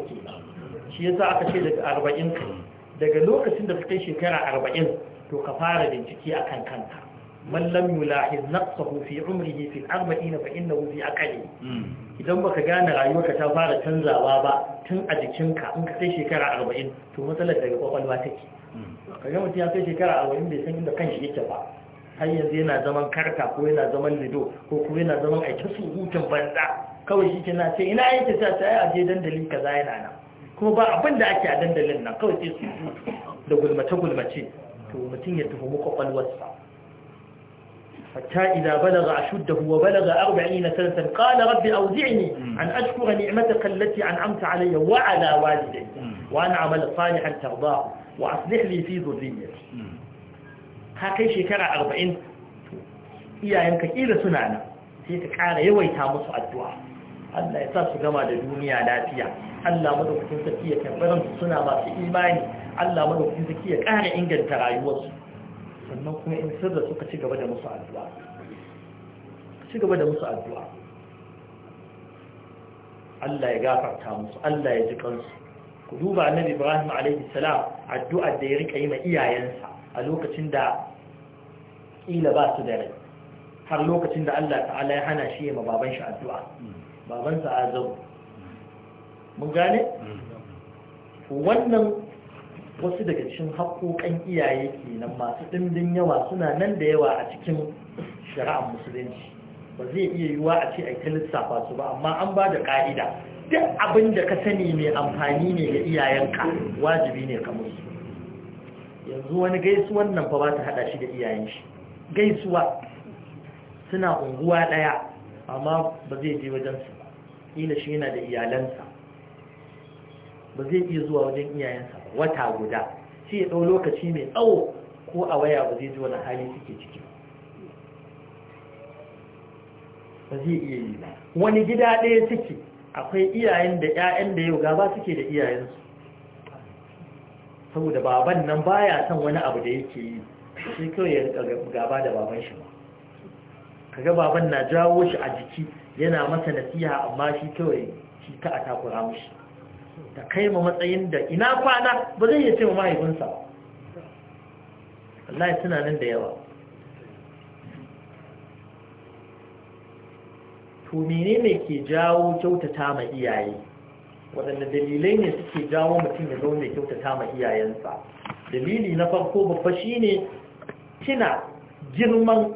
shi yasa aka ce daga 40 daga lokacin da ka kai shekara 40 to ka fara bincike akan kanka man lam yulahiz naqsahu fi umrihi fi al-arba'in fa innahu fi aqali hmm. idan baka gane rayuwarka ta fara canzawa ba tun a jikinka in ka kai shekara 40 to matsalar daga kwakwalwa take hmm. Ka ga mutum ya kai shekara 40 bai san inda kanshi yake ba har yanzu yana zaman karka ko yana zaman lido ko kuma yana zaman aiki surutun banza kawai shi kina ce ina yake ta ta yi aje dandali kaza yana nan kuma ba abin da ake a dandalin nan kawai sai su da gulmace gulmace to mutum ya tuhumu kwakwalwarsa حتى إذا بلغ أشده وبلغ أربعين سنة قال رب أوزعني أن أشكر نعمتك التي أنعمت علي وعلى والدي وأن أعمل صالحا ترضاه وأصلح لي في ذريتي هكي شكرا أربعين iyayenka ƙila suna nan sai ka kara yawaita musu addu'a Allah ya su gama da duniya lafiya Allah madaukakin sarki ya karbaran suna masu imani Allah madaukakin sarki ya inganta rayuwarsu sannan kuma in sirra suka ci gaba da musu addu'a ci gaba da musu addu'a Allah ya gafarta musu Allah ya ji kansu ku duba annabi Ibrahim alayhi salam addu'a da ya rika yi ma iyayensa a lokacin da kila ba su da rai har lokacin da Allah ta'ala ya hana shi ma baban shi addu'a Baban sa azab mun gane mm. wannan wasu daga cikin haƙoƙan iyaye kenan masu ɗimbin yawa suna nan da yawa a cikin shari'ar musulunci ba zai iya yiwuwa a ce a ta lissafa su ba amma an ba da ƙa'ida duk abin da ka sani mai amfani ne ga iyayenka wajibi ne ka musu yanzu wani gaisuwan nan fa ba ta haɗa shi da iyayen shi gaisuwa suna unguwa ɗaya amma ba zai je wajensu ba shi yana da iyalansa ba zai iya zuwa wajen iyayensa wata guda shi ya lokaci mai tsawo ko a waya ba zai ji wani hali suke ciki ba zai iya yi ba wani gida ɗaya suke akwai iyayen da 'ya'yan da yau gaba suke da iyayensu saboda baban nan baya son wani abu da yake yi shi kawai ya gaba da baban shi ba kaga baban na jawo shi a jiki yana masa nasiha amma shi kawai shi ta a takura mushi ta kai ma matsayin da ina kwana ba zai iya ce ma mahaifinsa wallahi suna nan da yawa to menene ke jawo kyautata ma iyaye waɗanda dalilai ne suke jawo mutum ya zo mai kyautata ma iyayensa dalili na farko babba ne, kina girman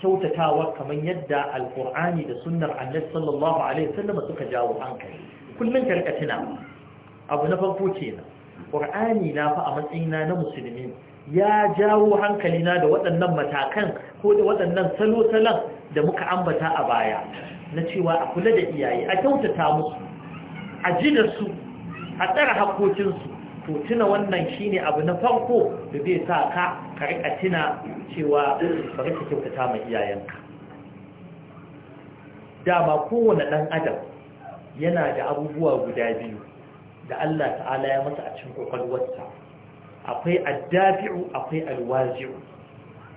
kyautatawa kamar yadda alkur'ani da sunnar annabi sallallahu alaihi wasallam suka jawo hankali kullum ka rika abu na farko kenan qur'ani na fa a matsayina na musulmi ya jawo hankali na da waɗannan matakan ko da waɗannan salo-salon da muka ambata a baya na cewa a kula da iyaye a kyautata musu a ji da su a tsara haƙoƙinsu to tuna wannan ne abu na farko da zai sa ka ka tuna cewa ba ka kyautata ma iyayenka dama kowane ɗan adam yana da abubuwa guda biyu da Allah ta'ala ya masa a cikin kwakwalwarsa akwai addafi'u akwai alwazi'u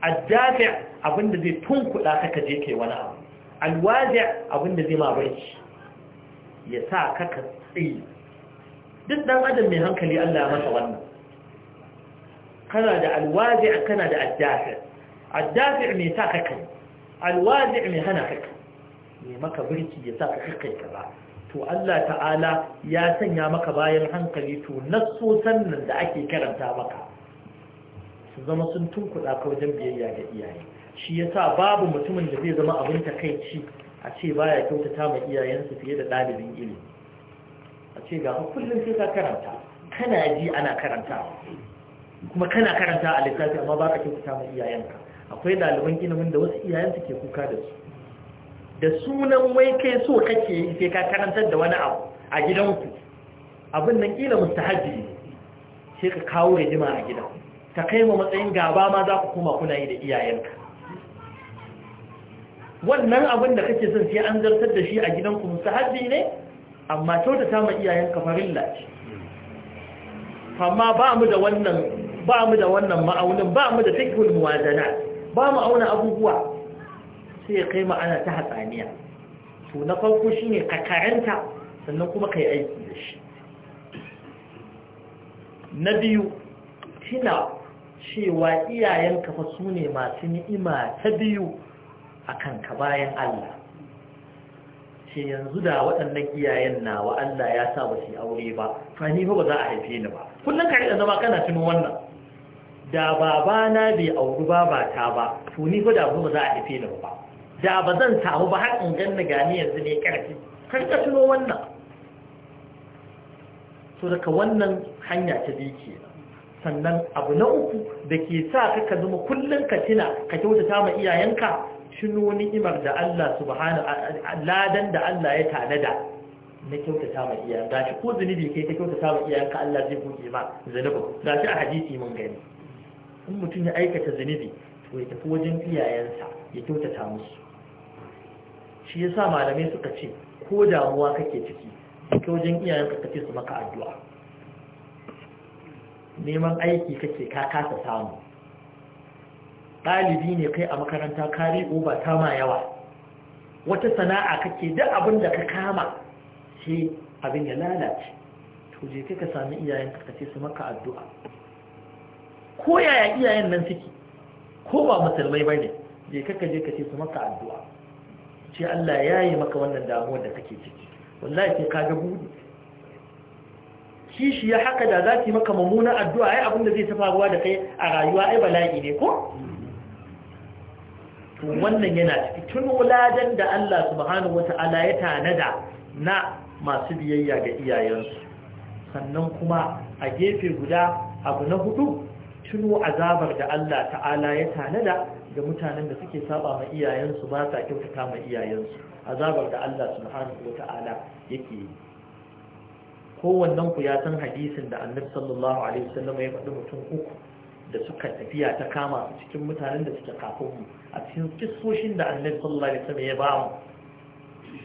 addafi' abinda zai tunkuɗa ka je kai wani abu alwazi' abinda zai ma barci ya sa kaka ka tsaye duk dan adam mai hankali Allah ya masa wannan kana da alwazi' kana da addafi' addafi' mai sa kaka kai alwazi' mai hana ka kai ne maka birki ya sa ka kai ka ba to Allah ta'ala ya sanya maka bayan hankali to nassosan nan da ake karanta maka su zama sun tunkuɗa ka wajen biyayya ga iyaye shi ya sa babu mutumin da zai zama abin takaici a ce ba ya kyautata ma iyayensu fiye da ɗalibin ilimi a ce ga kullum sai ka karanta kana ji ana karanta kuma kana karanta a littafi amma ba ka kyautata ma iyayenka akwai ɗaliban ilimin da wasu iyayensu ke kuka da su da sunan wai kai so kake yi sai ka karantar da wani abu a gidanku abin nan kila mustahabi ne sai ka kawo rigima a gidan ta kai ma matsayin gaba ma za ku kuma kuna yi da iyayenka wannan abin da kake son sai an zartar da shi a gidanku mustahabi ne amma kyautata ma iyayenka farilla ce amma ba mu da wannan ba mu da wannan ma'aunin ba mu da fikhul muwazana ba mu auna abubuwa sai ya kai ma'ana ta hatsaniya to na farko shine ka karanta sannan kuma ka yi aiki da shi na biyu tina cewa iyayenka fa su ne masu ni'ima ta biyu a kanka bayan Allah ce yanzu da waɗannan iyayen nawa Allah ya sa ba su aure ba fani fa ba za a haife ni ba kullum ka riƙa zama kana tuno wannan da babana bai auri babata ba to ni fa da ba za a haife ni ba da ba zan samu ba har in ganna gani yanzu ne karfi kar ka tuno wannan so daga wannan hanya ta biyu ke sannan abu na uku da ke sa kaka zama kullum ka tuna ka kyautata ma iyayenka tuno ni'imar da Allah subhanahu ladan da Allah ya tanada na kyautata ma iyayen shi ko zunubi kai ta kyautata ma iyayenka, Allah zai buɗe ma zunubi shi a hadisi mun gani in mutum ya aikata zunubi to ya tafi wajen iyayensa ya kyautata musu shi yasa malamai suka ce ko damuwa kake ciki ke wajen iyayenka kace su maka addu'a neman aiki kake ka kasa samu ɗalibi ne kai a makaranta kari ba ta ma yawa wata sana'a kake duk abin da ka kama shi abin ya lalace to je kai ka sami iyayenka kace su maka addu'a ko yaya iyayen nan suke ko ba musulmai bane je kai ka je kace su maka addu'a ce Allah ya yi maka wannan damuwar da kake ciki wallahi sai ka ga buɗi kishi ya haka da za ta yi maka mummunan addu'a ai abin da zai ta faruwa da kai a rayuwa ai bala'i ne ko to wannan yana ciki tun wuladan da Allah subhanahu wata'ala ya tanada na masu biyayya ga iyayensu sannan kuma a gefe guda abu na hudu tuno azabar da Allah ta'ala ya tanada ga mutanen da suke saba ma iyayensu ba sa kyautata ma iyayensu azabar da Allah subhanahu Ta'ala, yake yi kowannen ku ya san hadisin da annabi sallallahu alaihi wasallam ya faɗi mutum uku da suka tafiya ta kama su cikin mutanen da suke kafin mu a cikin kissoshin da annabi sallallahu alaihi wasallam ya ba mu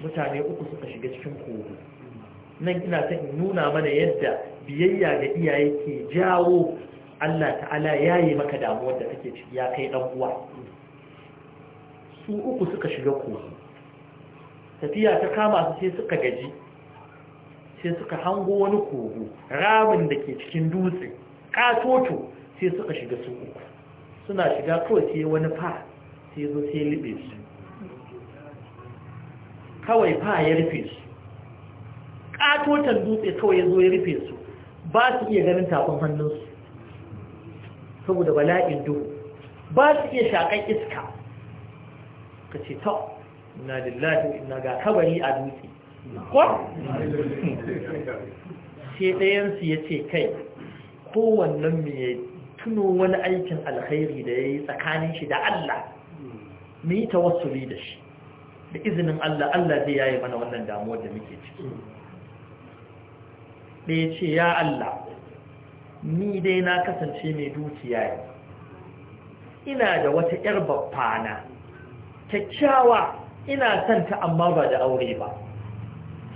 mutane uku suka shiga cikin kogo nan ina son in nuna mana yadda biyayya ga iyaye ke jawo Allah ta'ala ya yi maka damuwar da kake ciki ya kai ɗan uwa su uku suka shiga kogi tafiya ta kama su sai suka gaji sai suka hango wani kogo ramin da ke cikin dutse katoto sai suka shiga su uku suna shiga kawai sai wani fa sai zo sai libe su kawai fa ya rufe su katotan dutse kawai ya zo ya rufe su ba su iya ganin tafin hannunsu saboda bala'in duhu ba su iya shaƙar iska ka ce ta na lillahi na ga kabari a dutse ko? ce ɗayansu ya ce kai kowannan mai tuno wani aikin alkhairi da ya yi tsakanin shi da Allah mu yi tawassuli da shi da izinin Allah Allah zai yaye mana wannan damuwar da muke ciki ɗaya ce ya Allah ni dai na kasance mai dukiya ne ina da wata ‘yar na. kyakkyawa ina son ta amma ba da aure ba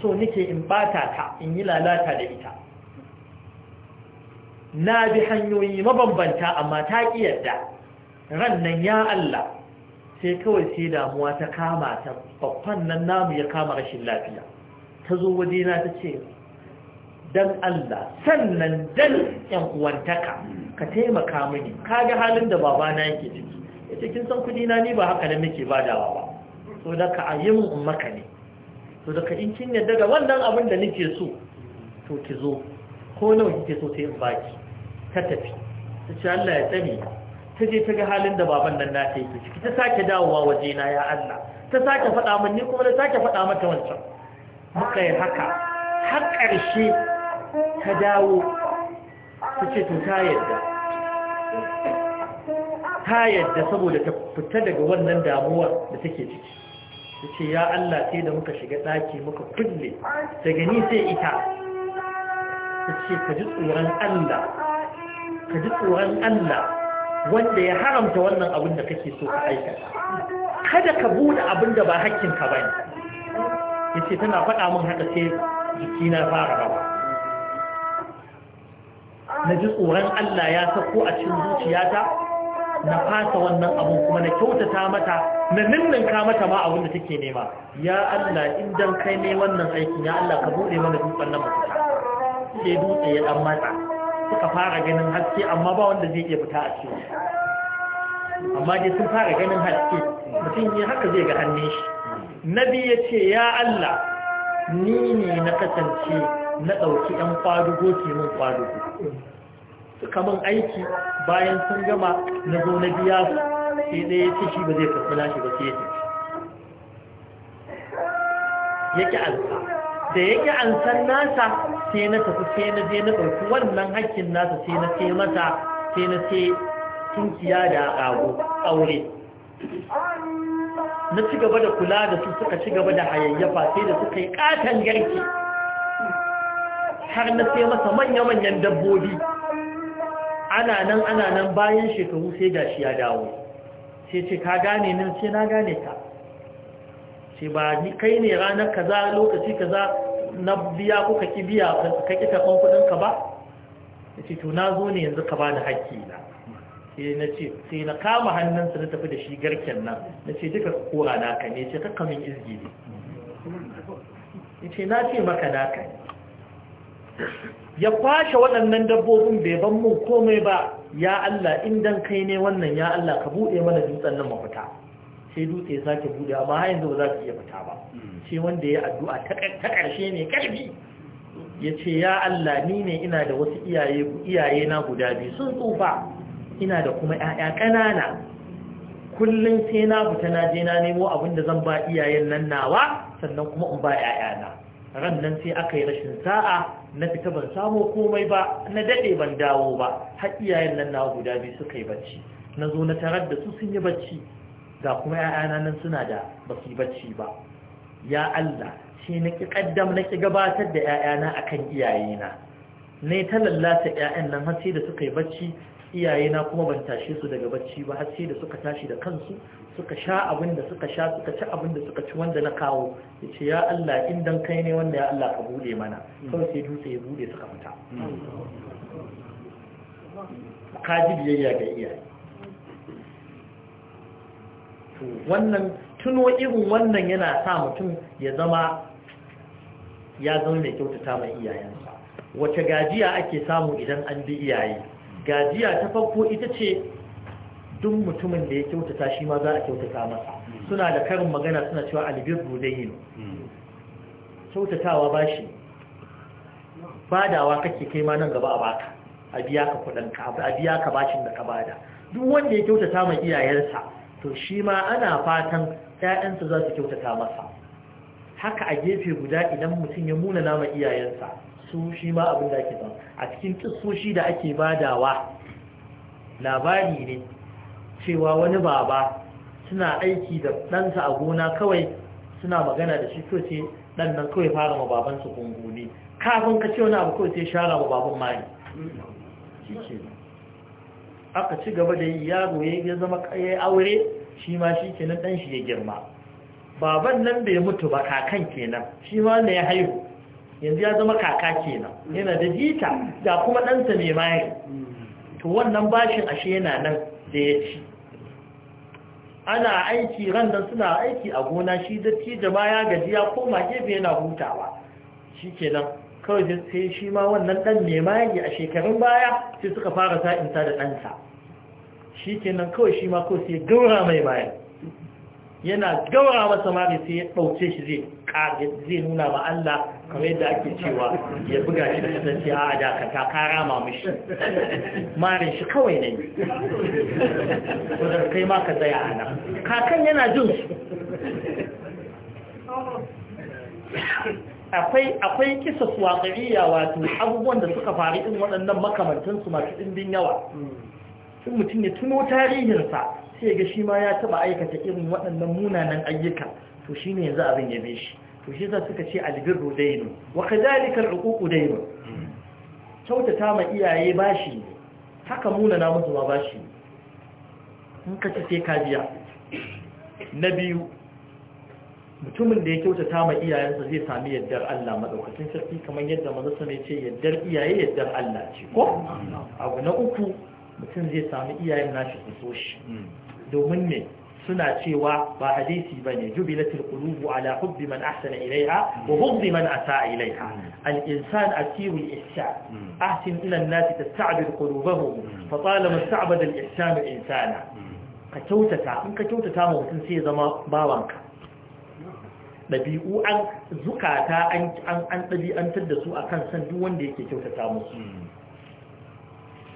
so nike in bata ta in yi lalata da ita na bi hanyoyi mabambanta amma ta ƙi yarda. rannan ya Allah sai kawai sai damuwa ta kama ta babban nan namu ya kama rashin lafiya ta zo wajena ta ce dan Allah sannan dan yan uwantaka ka taimaka mini ka ga halin da babana yake ciki yace kin san kudi na ni ba haka ne muke badawa ba so da ka ayi ummaka ne so da ka in kin yadda da wannan abin da nake so to ki zo ko nawa kike so sai in baki ta tafi ce Allah ya tsare ta je ta ga halin da baban nan nata ciki ta sake dawowa waje na ya Allah ta sake faɗa min kuma na sake faɗa mata wancan muka yi haka har ƙarshe ta dawo ta ce to ta yadda ta yadda saboda ta fita daga wannan damuwa da take ciki ta ce ya Allah sai da muka shiga ɗaki muka kulle daga ni sai ita ta ce ka ji tsoron Allah ka ji tsoron Allah wanda ya haramta wannan abin da kake so ka aika kada ka buɗe abin da ba hakkinka Ya yace tana faɗa min haka sai jiki na fara ba na ji tsoron Allah ya sako a cikin zuciyata na fasa wannan abun kuma na kyautata mata na ninninka mata ma abin da take nema ya Allah idan kai ne wannan aikin ya Allah ka bude mana dukkan nan mafita sai dutse ya dan matsa suka fara ganin haske amma ba wanda zai iya fita a ciki amma dai sun fara ganin haske mutum ne haka zai ga hannun shi nabi ya ce ya Allah ni ne na kasance na ɗauki ƴan kwadugo ke min kwadugo suka aiki bayan sun gama na zo na biya su sai ɗaya ce shi ba zai karɓi shi ba sai ya tafi yake ansa da yake ansan nasa sai na tafi sai na je na ɗauki wannan hakkin nasa sai na sai mata sai na sai tunkiya da rago aure na ci gaba da kula da su suka ci gaba da hayayyafa sai da suka yi katon yarki har na sai masa manya-manyan dabbobi ana nan ana nan bayan shekaru sai gashi ya dawo sai ce ka gane nan sai na gane ka sai ba ni kai ne ranar za lokaci za na biya ko ka ki biya ka ki karɓan kudin ka ba ce to na zo ne yanzu ka bani hakki na sai na ce sai na kama hannunsa na tafi da shi garken nan na ce duka kora naka ne ka kamin izgi ne ya ce na ce maka na ne ya kwashe waɗannan dabbobin bai ban mun komai ba ya Allah indan kai ne wannan ya Allah ka buɗe mana dutsen nan mafita sai dutse sake buɗe amma har yanzu ba za ka iya fita ba hmm. shi wanda ya addu'a ta ƙarshe ne ƙarfi ya ce ya Allah ni ne ina da wasu iyaye iyaye na guda biyu sun tsufa ina da kuma ƴaƴa ƙanana kullum sai na fita na je na nemo abin da zan ba iyayen nan nawa sannan kuma in ba ƴaƴana ran nan sai aka yi rashin sa'a na fita ban samo komai ba na daɗe ban dawo ba har iyayen nan na guda biyu suka yi bacci na zo na tarar da su sun yi bacci ga kuma ‘ya'yana nan suna da ba su yi bacci ba ya Allah shi na ƙi ƙaddam na ƙi gabatar da ‘ya'yana a kan iyayena ne ta lallata ‘ya'yan nan har sai da suka yi bacci iyayena kuma ban tashe su daga bacci ba har sai da suka tashi da kansu suka sha abin da suka sha suka ci abin da suka ci wanda na kawo ya ce ya Allah in dan kai ne wanda ya Allah ka bude mana hmm. kawai sai dutse ya bude suka fita ka ji biyayya ga iyaye to wannan tuno irin wannan yana sa mutum ya zama ya zama mai kyautata mai iyayensa wace gajiya ake samu idan an bi iyaye gajiya ta farko ita ce duk mutumin da ya kyautata shi ma za a kyautata masa suna da karin magana suna cewa albirru zai yi kyautatawa ba shi badawa kake kai ma nan gaba a baka a biya ka ka a biya ka bashin da ka bada duk wanda ya kyautata ma iyayensa to shi ma ana fatan 'ya'yansa za su kyautata masa haka a gefe guda idan mutum ya muna nama iyayensa su shi ma abin da ake ba a cikin kisoshi da ake badawa labari ne cewa wani baba suna aiki da ɗansa a gona kawai suna magana da shi kawai ce ɗan nan kawai fara ma gungu ne kafin ka ce wani abu kawai sai shara ma baban mani aka ci gaba da yaro ya zama ya aure shi ma shi kenan ɗan shi ya girma baban nan bai mutu ba kakan kenan shi ma wanda ya haihu yanzu ya zama kaka kenan yana da jita da kuma ɗansa mai maye to wannan bashin ashe yana nan da ya ci ana aiki randan suna aiki a gona shi datti da baya gaji ya koma gefe yana hutawa shi kenan kawai sai shi ma wannan ɗan mai maye a shekarun baya sai suka fara sa'inta da ɗansa shi kenan kawai shi ma kawai sai gaura mai maye yana gaura masa mari sai ya ɗauce shi zai zai nuna ba Allah kamar yadda ake cewa ya buga shi da kasance a dakata ka rama mishi marin shi kawai ne wadda kai ma ka tsaya kakan yana jin su akwai akwai kisa ya wato abubuwan da suka faru in waɗannan makamantansu masu ɗimbin yawa sun mutum ya tuno tarihinsa sai ga shi ma ya taba aikata irin waɗannan munanan ayyuka to shi ne yanzu abin yabe shi to shi za suka ce albirru dainu wa kadhalika al'uququ dainu kyautata ma iyaye bashi ne haka munana musu ma bashi ne in ka ci sai ka biya na biyu mutumin da ya kyautata ma iyayensa zai sami yaddar Allah madaukakin sarki kamar yadda manzo sai ce yaddar iyaye yaddar Allah ce ko abu na uku mutum zai sami iyayen nashi su so shi hmm. domin ne suna cewa ba hadisi ba ne jubilatul qulubu ala hubbi man ahsana ilaiha wa hmm. hubbi man asaa ilaiha hmm. al insan asiru al ihsan ahsin ila an nas tasta'bid qulubahum fa talama ista'bada al ihsan insana ka kyautata in ka kyautata ma mutum sai zama bawanka ɗabi'u an zukata an ɗabi'antar da su a kan san duk wanda yake kyautata musu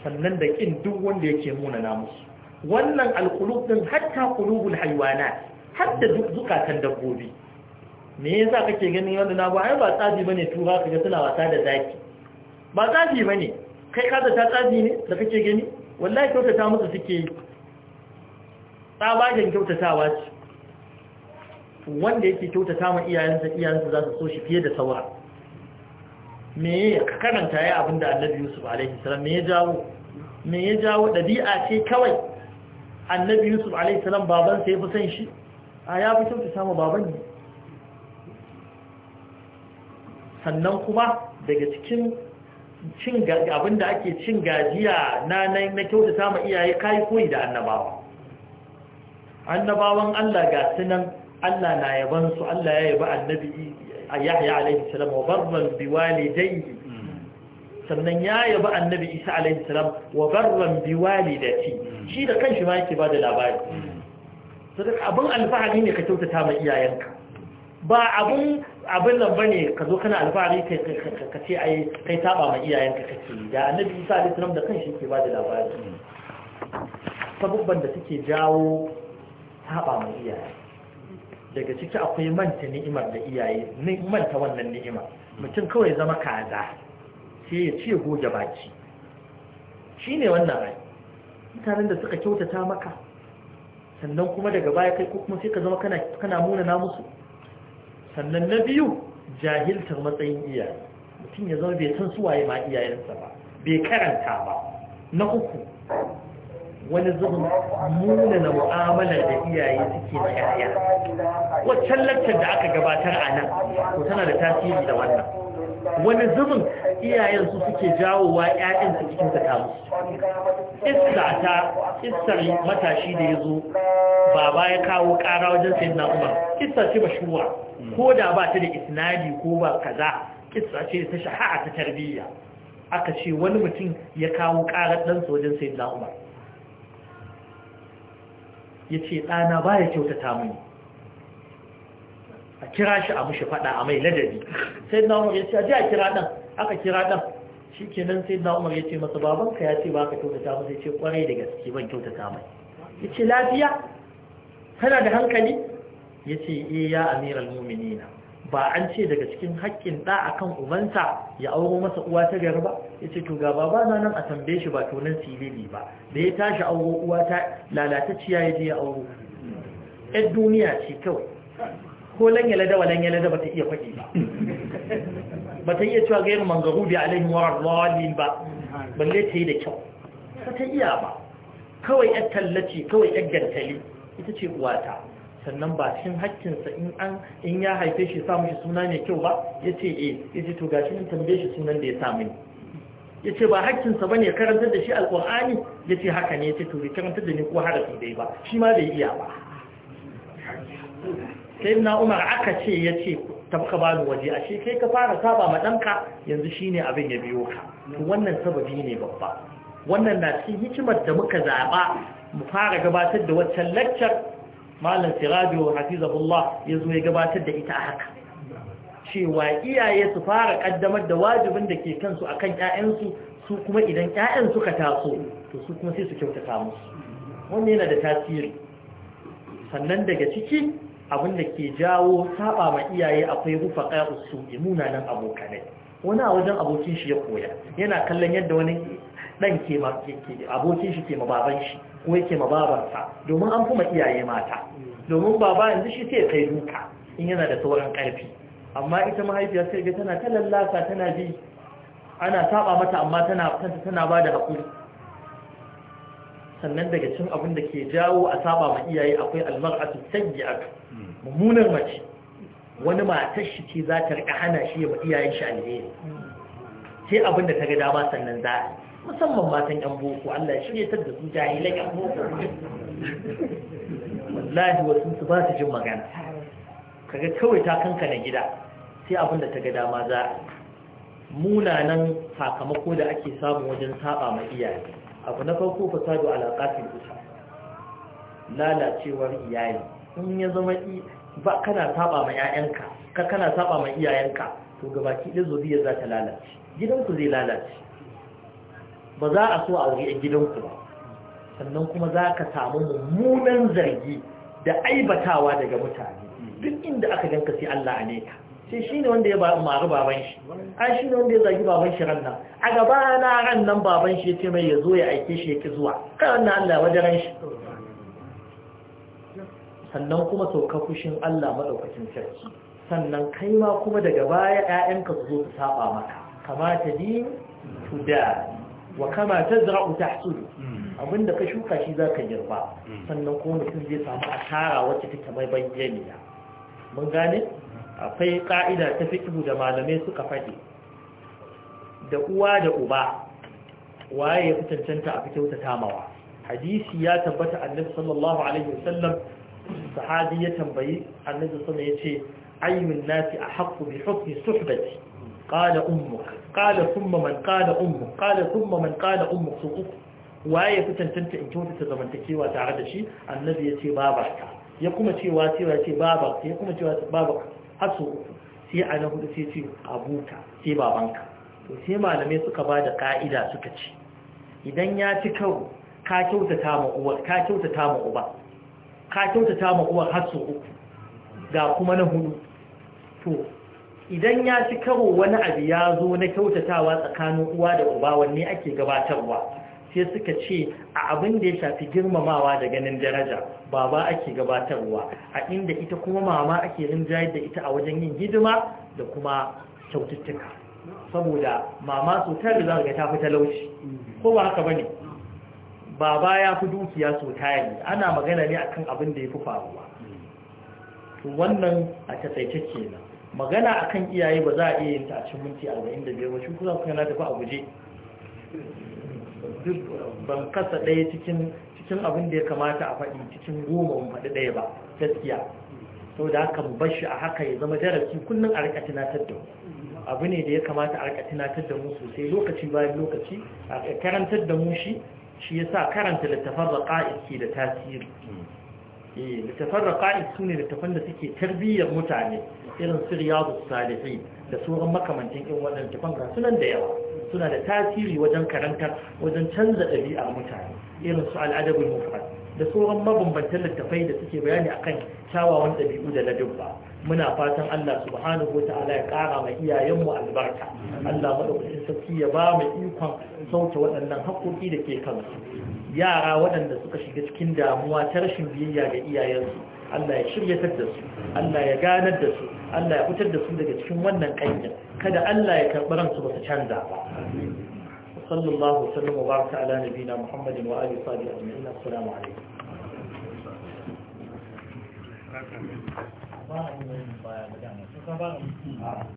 sannan da kin duk wanda yake muna na musu wannan alkulub din hatta kulubul haiwana har da duk zukatan dabbobi me yasa kake ganin wanda na ba ai ba tsafi bane tura ka ga suna wasa da zaki ba tsafi bane kai ka da ta tsafi ne da kake gani wallahi kyautata musu suke yi tsabagen kyautatawa ce wanda yake kyautata ma iyayensa iyayensa za su so shi fiye da saura me ya karanta ya abinda annabi yusuf alaihi salam me ya jawo me ya jawo ɗabi'a ce kawai annabi yusuf alaihissalam babansa ya fi son shi a ya fi kyauta samu baban ne sannan kuma daga cikin abinda ake cin gajiya na na kyauta samu iyaye kayi koyi da annabawa annabawan allah ga sunan allah na yabansu allah ya yaba annabi yahya alaihissalam wa barban biwalidayhi sannan ya yaba annabi isa alaihi salam wa barran bi walidati shi da kanshi ma yake bada labari saboda abin alfahari ne ka kyautata ma iyayenka ba abun abin nan bane ka zo kana alfahari kai ka ce ai kai taba ma iyayenka kake da annabi isa alaihi salam da kanshi yake bada labari sabubban da suke jawo taba ma iyaye daga ciki akwai manta ni'imar da iyaye manta wannan ni'ima mutum kawai zama kaza sai ya ce goge baki shi ne wannan rai mutanen da suka kyautata maka sannan kuma daga baya kai kuma sai ka zama kana muna na musu sannan na biyu jahiltar matsayin iyaye mutum ya zama bai san suwaye ma iyayensa ba bai karanta ba na uku wani zubin muna na mu'amalar da iyaye suke na yaya waccan lantar da aka gabatar a nan ko tana da tasiri da wannan wani zubin iyayen su suke jawowa ƴaƴan su cikin ta iska ta iskar matashi da ya zo ba ya kawo ƙara wajen sayin na umar iska ce ba shuwa hmm. ko da ba ta da isnadi ko ba kaza iska ce ta a ta tarbiyya aka ce wani mutum ya kawo ƙara ɗansa wajen sayin na umar ya ce ɗana ba ya kyautata mini a kira shi a mushi fada a mai ladabi sai na umar ya ce a ji a kira ɗan aka kira ɗan shi kenan sai na umar ya ce masa babanka ya ce ba ka kyautata masa ya ce kwarai da gaske ban kyautata mai ya ce lafiya kana da hankali ya ce iya eh, ya amiral muminina ba an ce daga cikin haƙƙin ɗa a kan ubansa ya auro masa uwa ta gari ba ya ce to ga baba nan a tambaye shi ba tonan silili ba da ya tashi auro uwa ta lalatacciya ya je ya auro ‘yan duniya ce kawai ko lanyala da wa lanyala da ba ta iya faɗi ba ba ta iya cewa gairu mangarubi alaihim warar rarrali ba balle ta yi da kyau ba ta iya ba kawai yar tallace kawai yar gantali ita ce uwata sannan ba cikin haƙƙinsa in an in ya haife shi samu shi suna mai kyau ba ya ce e ya ce to gashi in tambaye shi sunan da ya samu ne ya ce ba haƙƙinsa ba ne karantar da shi alƙur'ani ya ce haka ne ya ce to karantar da ni ko harafi dai ba shi ma bai iya ba sai na umar aka ce ya ce tafka bani waje ashe kai ka fara saba ma ɗanka yanzu shine abin ya biyo ka wannan sababi ne babba wannan na cikin hikimar da muka zaɓa mu fara gabatar da waccan laccar malam sirajo hafizahullah ya zo ya gabatar da ita a haka cewa iyaye su fara ƙaddamar da wajibin da ke kansu akan 'ya'yansu su kuma idan ƴaƴan suka taso to su kuma sai su kyautata musu wannan yana da tasiri sannan daga ciki abin da ke jawo saba ma iyaye akwai rufa ƙa'us imuna nan abokanai wani a wajen abokin shi ya koya yana kallon yadda wani dan ke abokin shi ke ma baban shi ko yake ma babansa domin an kuma iyaye mata domin baba yanzu shi sai kai duka in yana da sauran karfi amma ita mahaifiya sai ga tana ta lallasa tana bi ana saba mata amma tana tana bada hakuri sannan daga cin abin da ke jawo a saba ma iyaye akwai almar'atu sayyi'atu mummunar mace wani matar shi ce za ta rika hana shi ma iyayen shi alheri sai abin da ta ga dama sannan za a musamman matan yan boko Allah ya shirye da su jahilan yan boko wallahi wasu su ba su jin magana kaga kawai ta kankana gida sai abin da ta ga dama za a munanan sakamako da ake samu wajen saba ma iyaye abu na farko fasadu alaƙatin kusa lalacewar iyali in ya zama ba kana saba ma 'ya'yanka ka kana saba ma iyayenka to gabaki ɗin zuriyar za ta lalace gidanku zai lalace ba za a so a wuri gidanku ba sannan kuma za ka samu mummunan zargi da aibatawa daga mutane duk inda aka ganka sai Allah a sai shi ne wanda ya maru baban shi ai shi ne wanda ya zagi baban shi ran nan a gaba na ran nan baban shi ce mai ya zo ya aike shi ya ki zuwa kai wannan Allah wajen ran shi sannan kuma sauka fushin Allah madaukakin sarki sannan kai ma kuma daga baya ƴaƴanka su zo su saba maka kamata di da. wa kama tazra'u abin abinda ka shuka shi za ka girba sannan kuma mutum zai samu asara wacce take mai bayyana mun gane akwai ka'ida ta fikihu da malamai suka faɗi da uwa da uba waye ya fi cancanta a fito ta tamawa hadisi ya tabbata annabi sallallahu alaihi wasallam sahabi ya tambayi annabi sallallahu ya ce ayyun nasi ahaqqu bi hukmi suhbati qala ummuk qala thumma man qala ummuk qala thumma man qala ummuk su uku waye ya fi cancanta in kyauta ta zamantakewa tare da shi annabi ya ce babarka ya kuma cewa cewa ce babarka ya kuma cewa babarka haso sai a na hudu sai ce abuka sai babanka to sai malamai suka ba da ka'ida suka ce idan ya ci karo ka kyautata ma uwar ka kyautata ma uba ka kyautata ma uwar haso uku ga kuma na hudu to idan ya ci karo wani abu ya zo na kyautatawa tsakanin uwa da uba wanne ake gabatarwa sai suka ce a abin da ya shafi girmamawa da ganin daraja baba ake gabatarwa a inda ita kuma mama ake rinjayar da ita a wajen yin hidima da kuma kyaututtuka saboda mama so tare za ga ta talauci ko ba haka bane baba ya fi dukiya so tare ana magana ne akan abin da ya fi faruwa to wannan a ke kenan magana akan iyaye ba za a iya yin ta a cikin minti 45 ba shi kusa na tafi a guje ban kasa ɗaya cikin abin da ya kamata a faɗi cikin goma mun faɗi ɗaya ba gaskiya so da haka mu shi a haka ya zama darasi kullum a rika tunatar da abu ne da ya kamata a rika tunatar da mu sosai lokaci bayan lokaci a karantar da mu shi shi ya sa karanta littafan da ke da tasiri eh da raqa'is sune littafan da suke tarbiyyar mutane irin su riyadus salihin da sauran makamantan irin waɗanda tafan sunan da yawa suna da tasiri wajen karanta wajen canza ɗabi'ar mutane irin su al'adabul mufrad da sauran mabambantan littafai da suke bayani akan kyawawan ɗabi'u da ladabba muna fatan Allah subhanahu wa ta'ala ya ƙara ma iyayenmu albarka Allah madaukakin sarki ya ba mu ikon sauke waɗannan haƙoƙi da ke kansu yara waɗanda suka shiga cikin damuwa ta rashin biyayya ga iyayensu Allah ya shiryatar da su Allah ya ganar da su Allah ya fitar da su daga cikin wannan ƙangin kada Allah ya karɓi ransu ba su canza ba sallallahu sallam wa baraka ala nabina muhammadin wa assalamu alaikum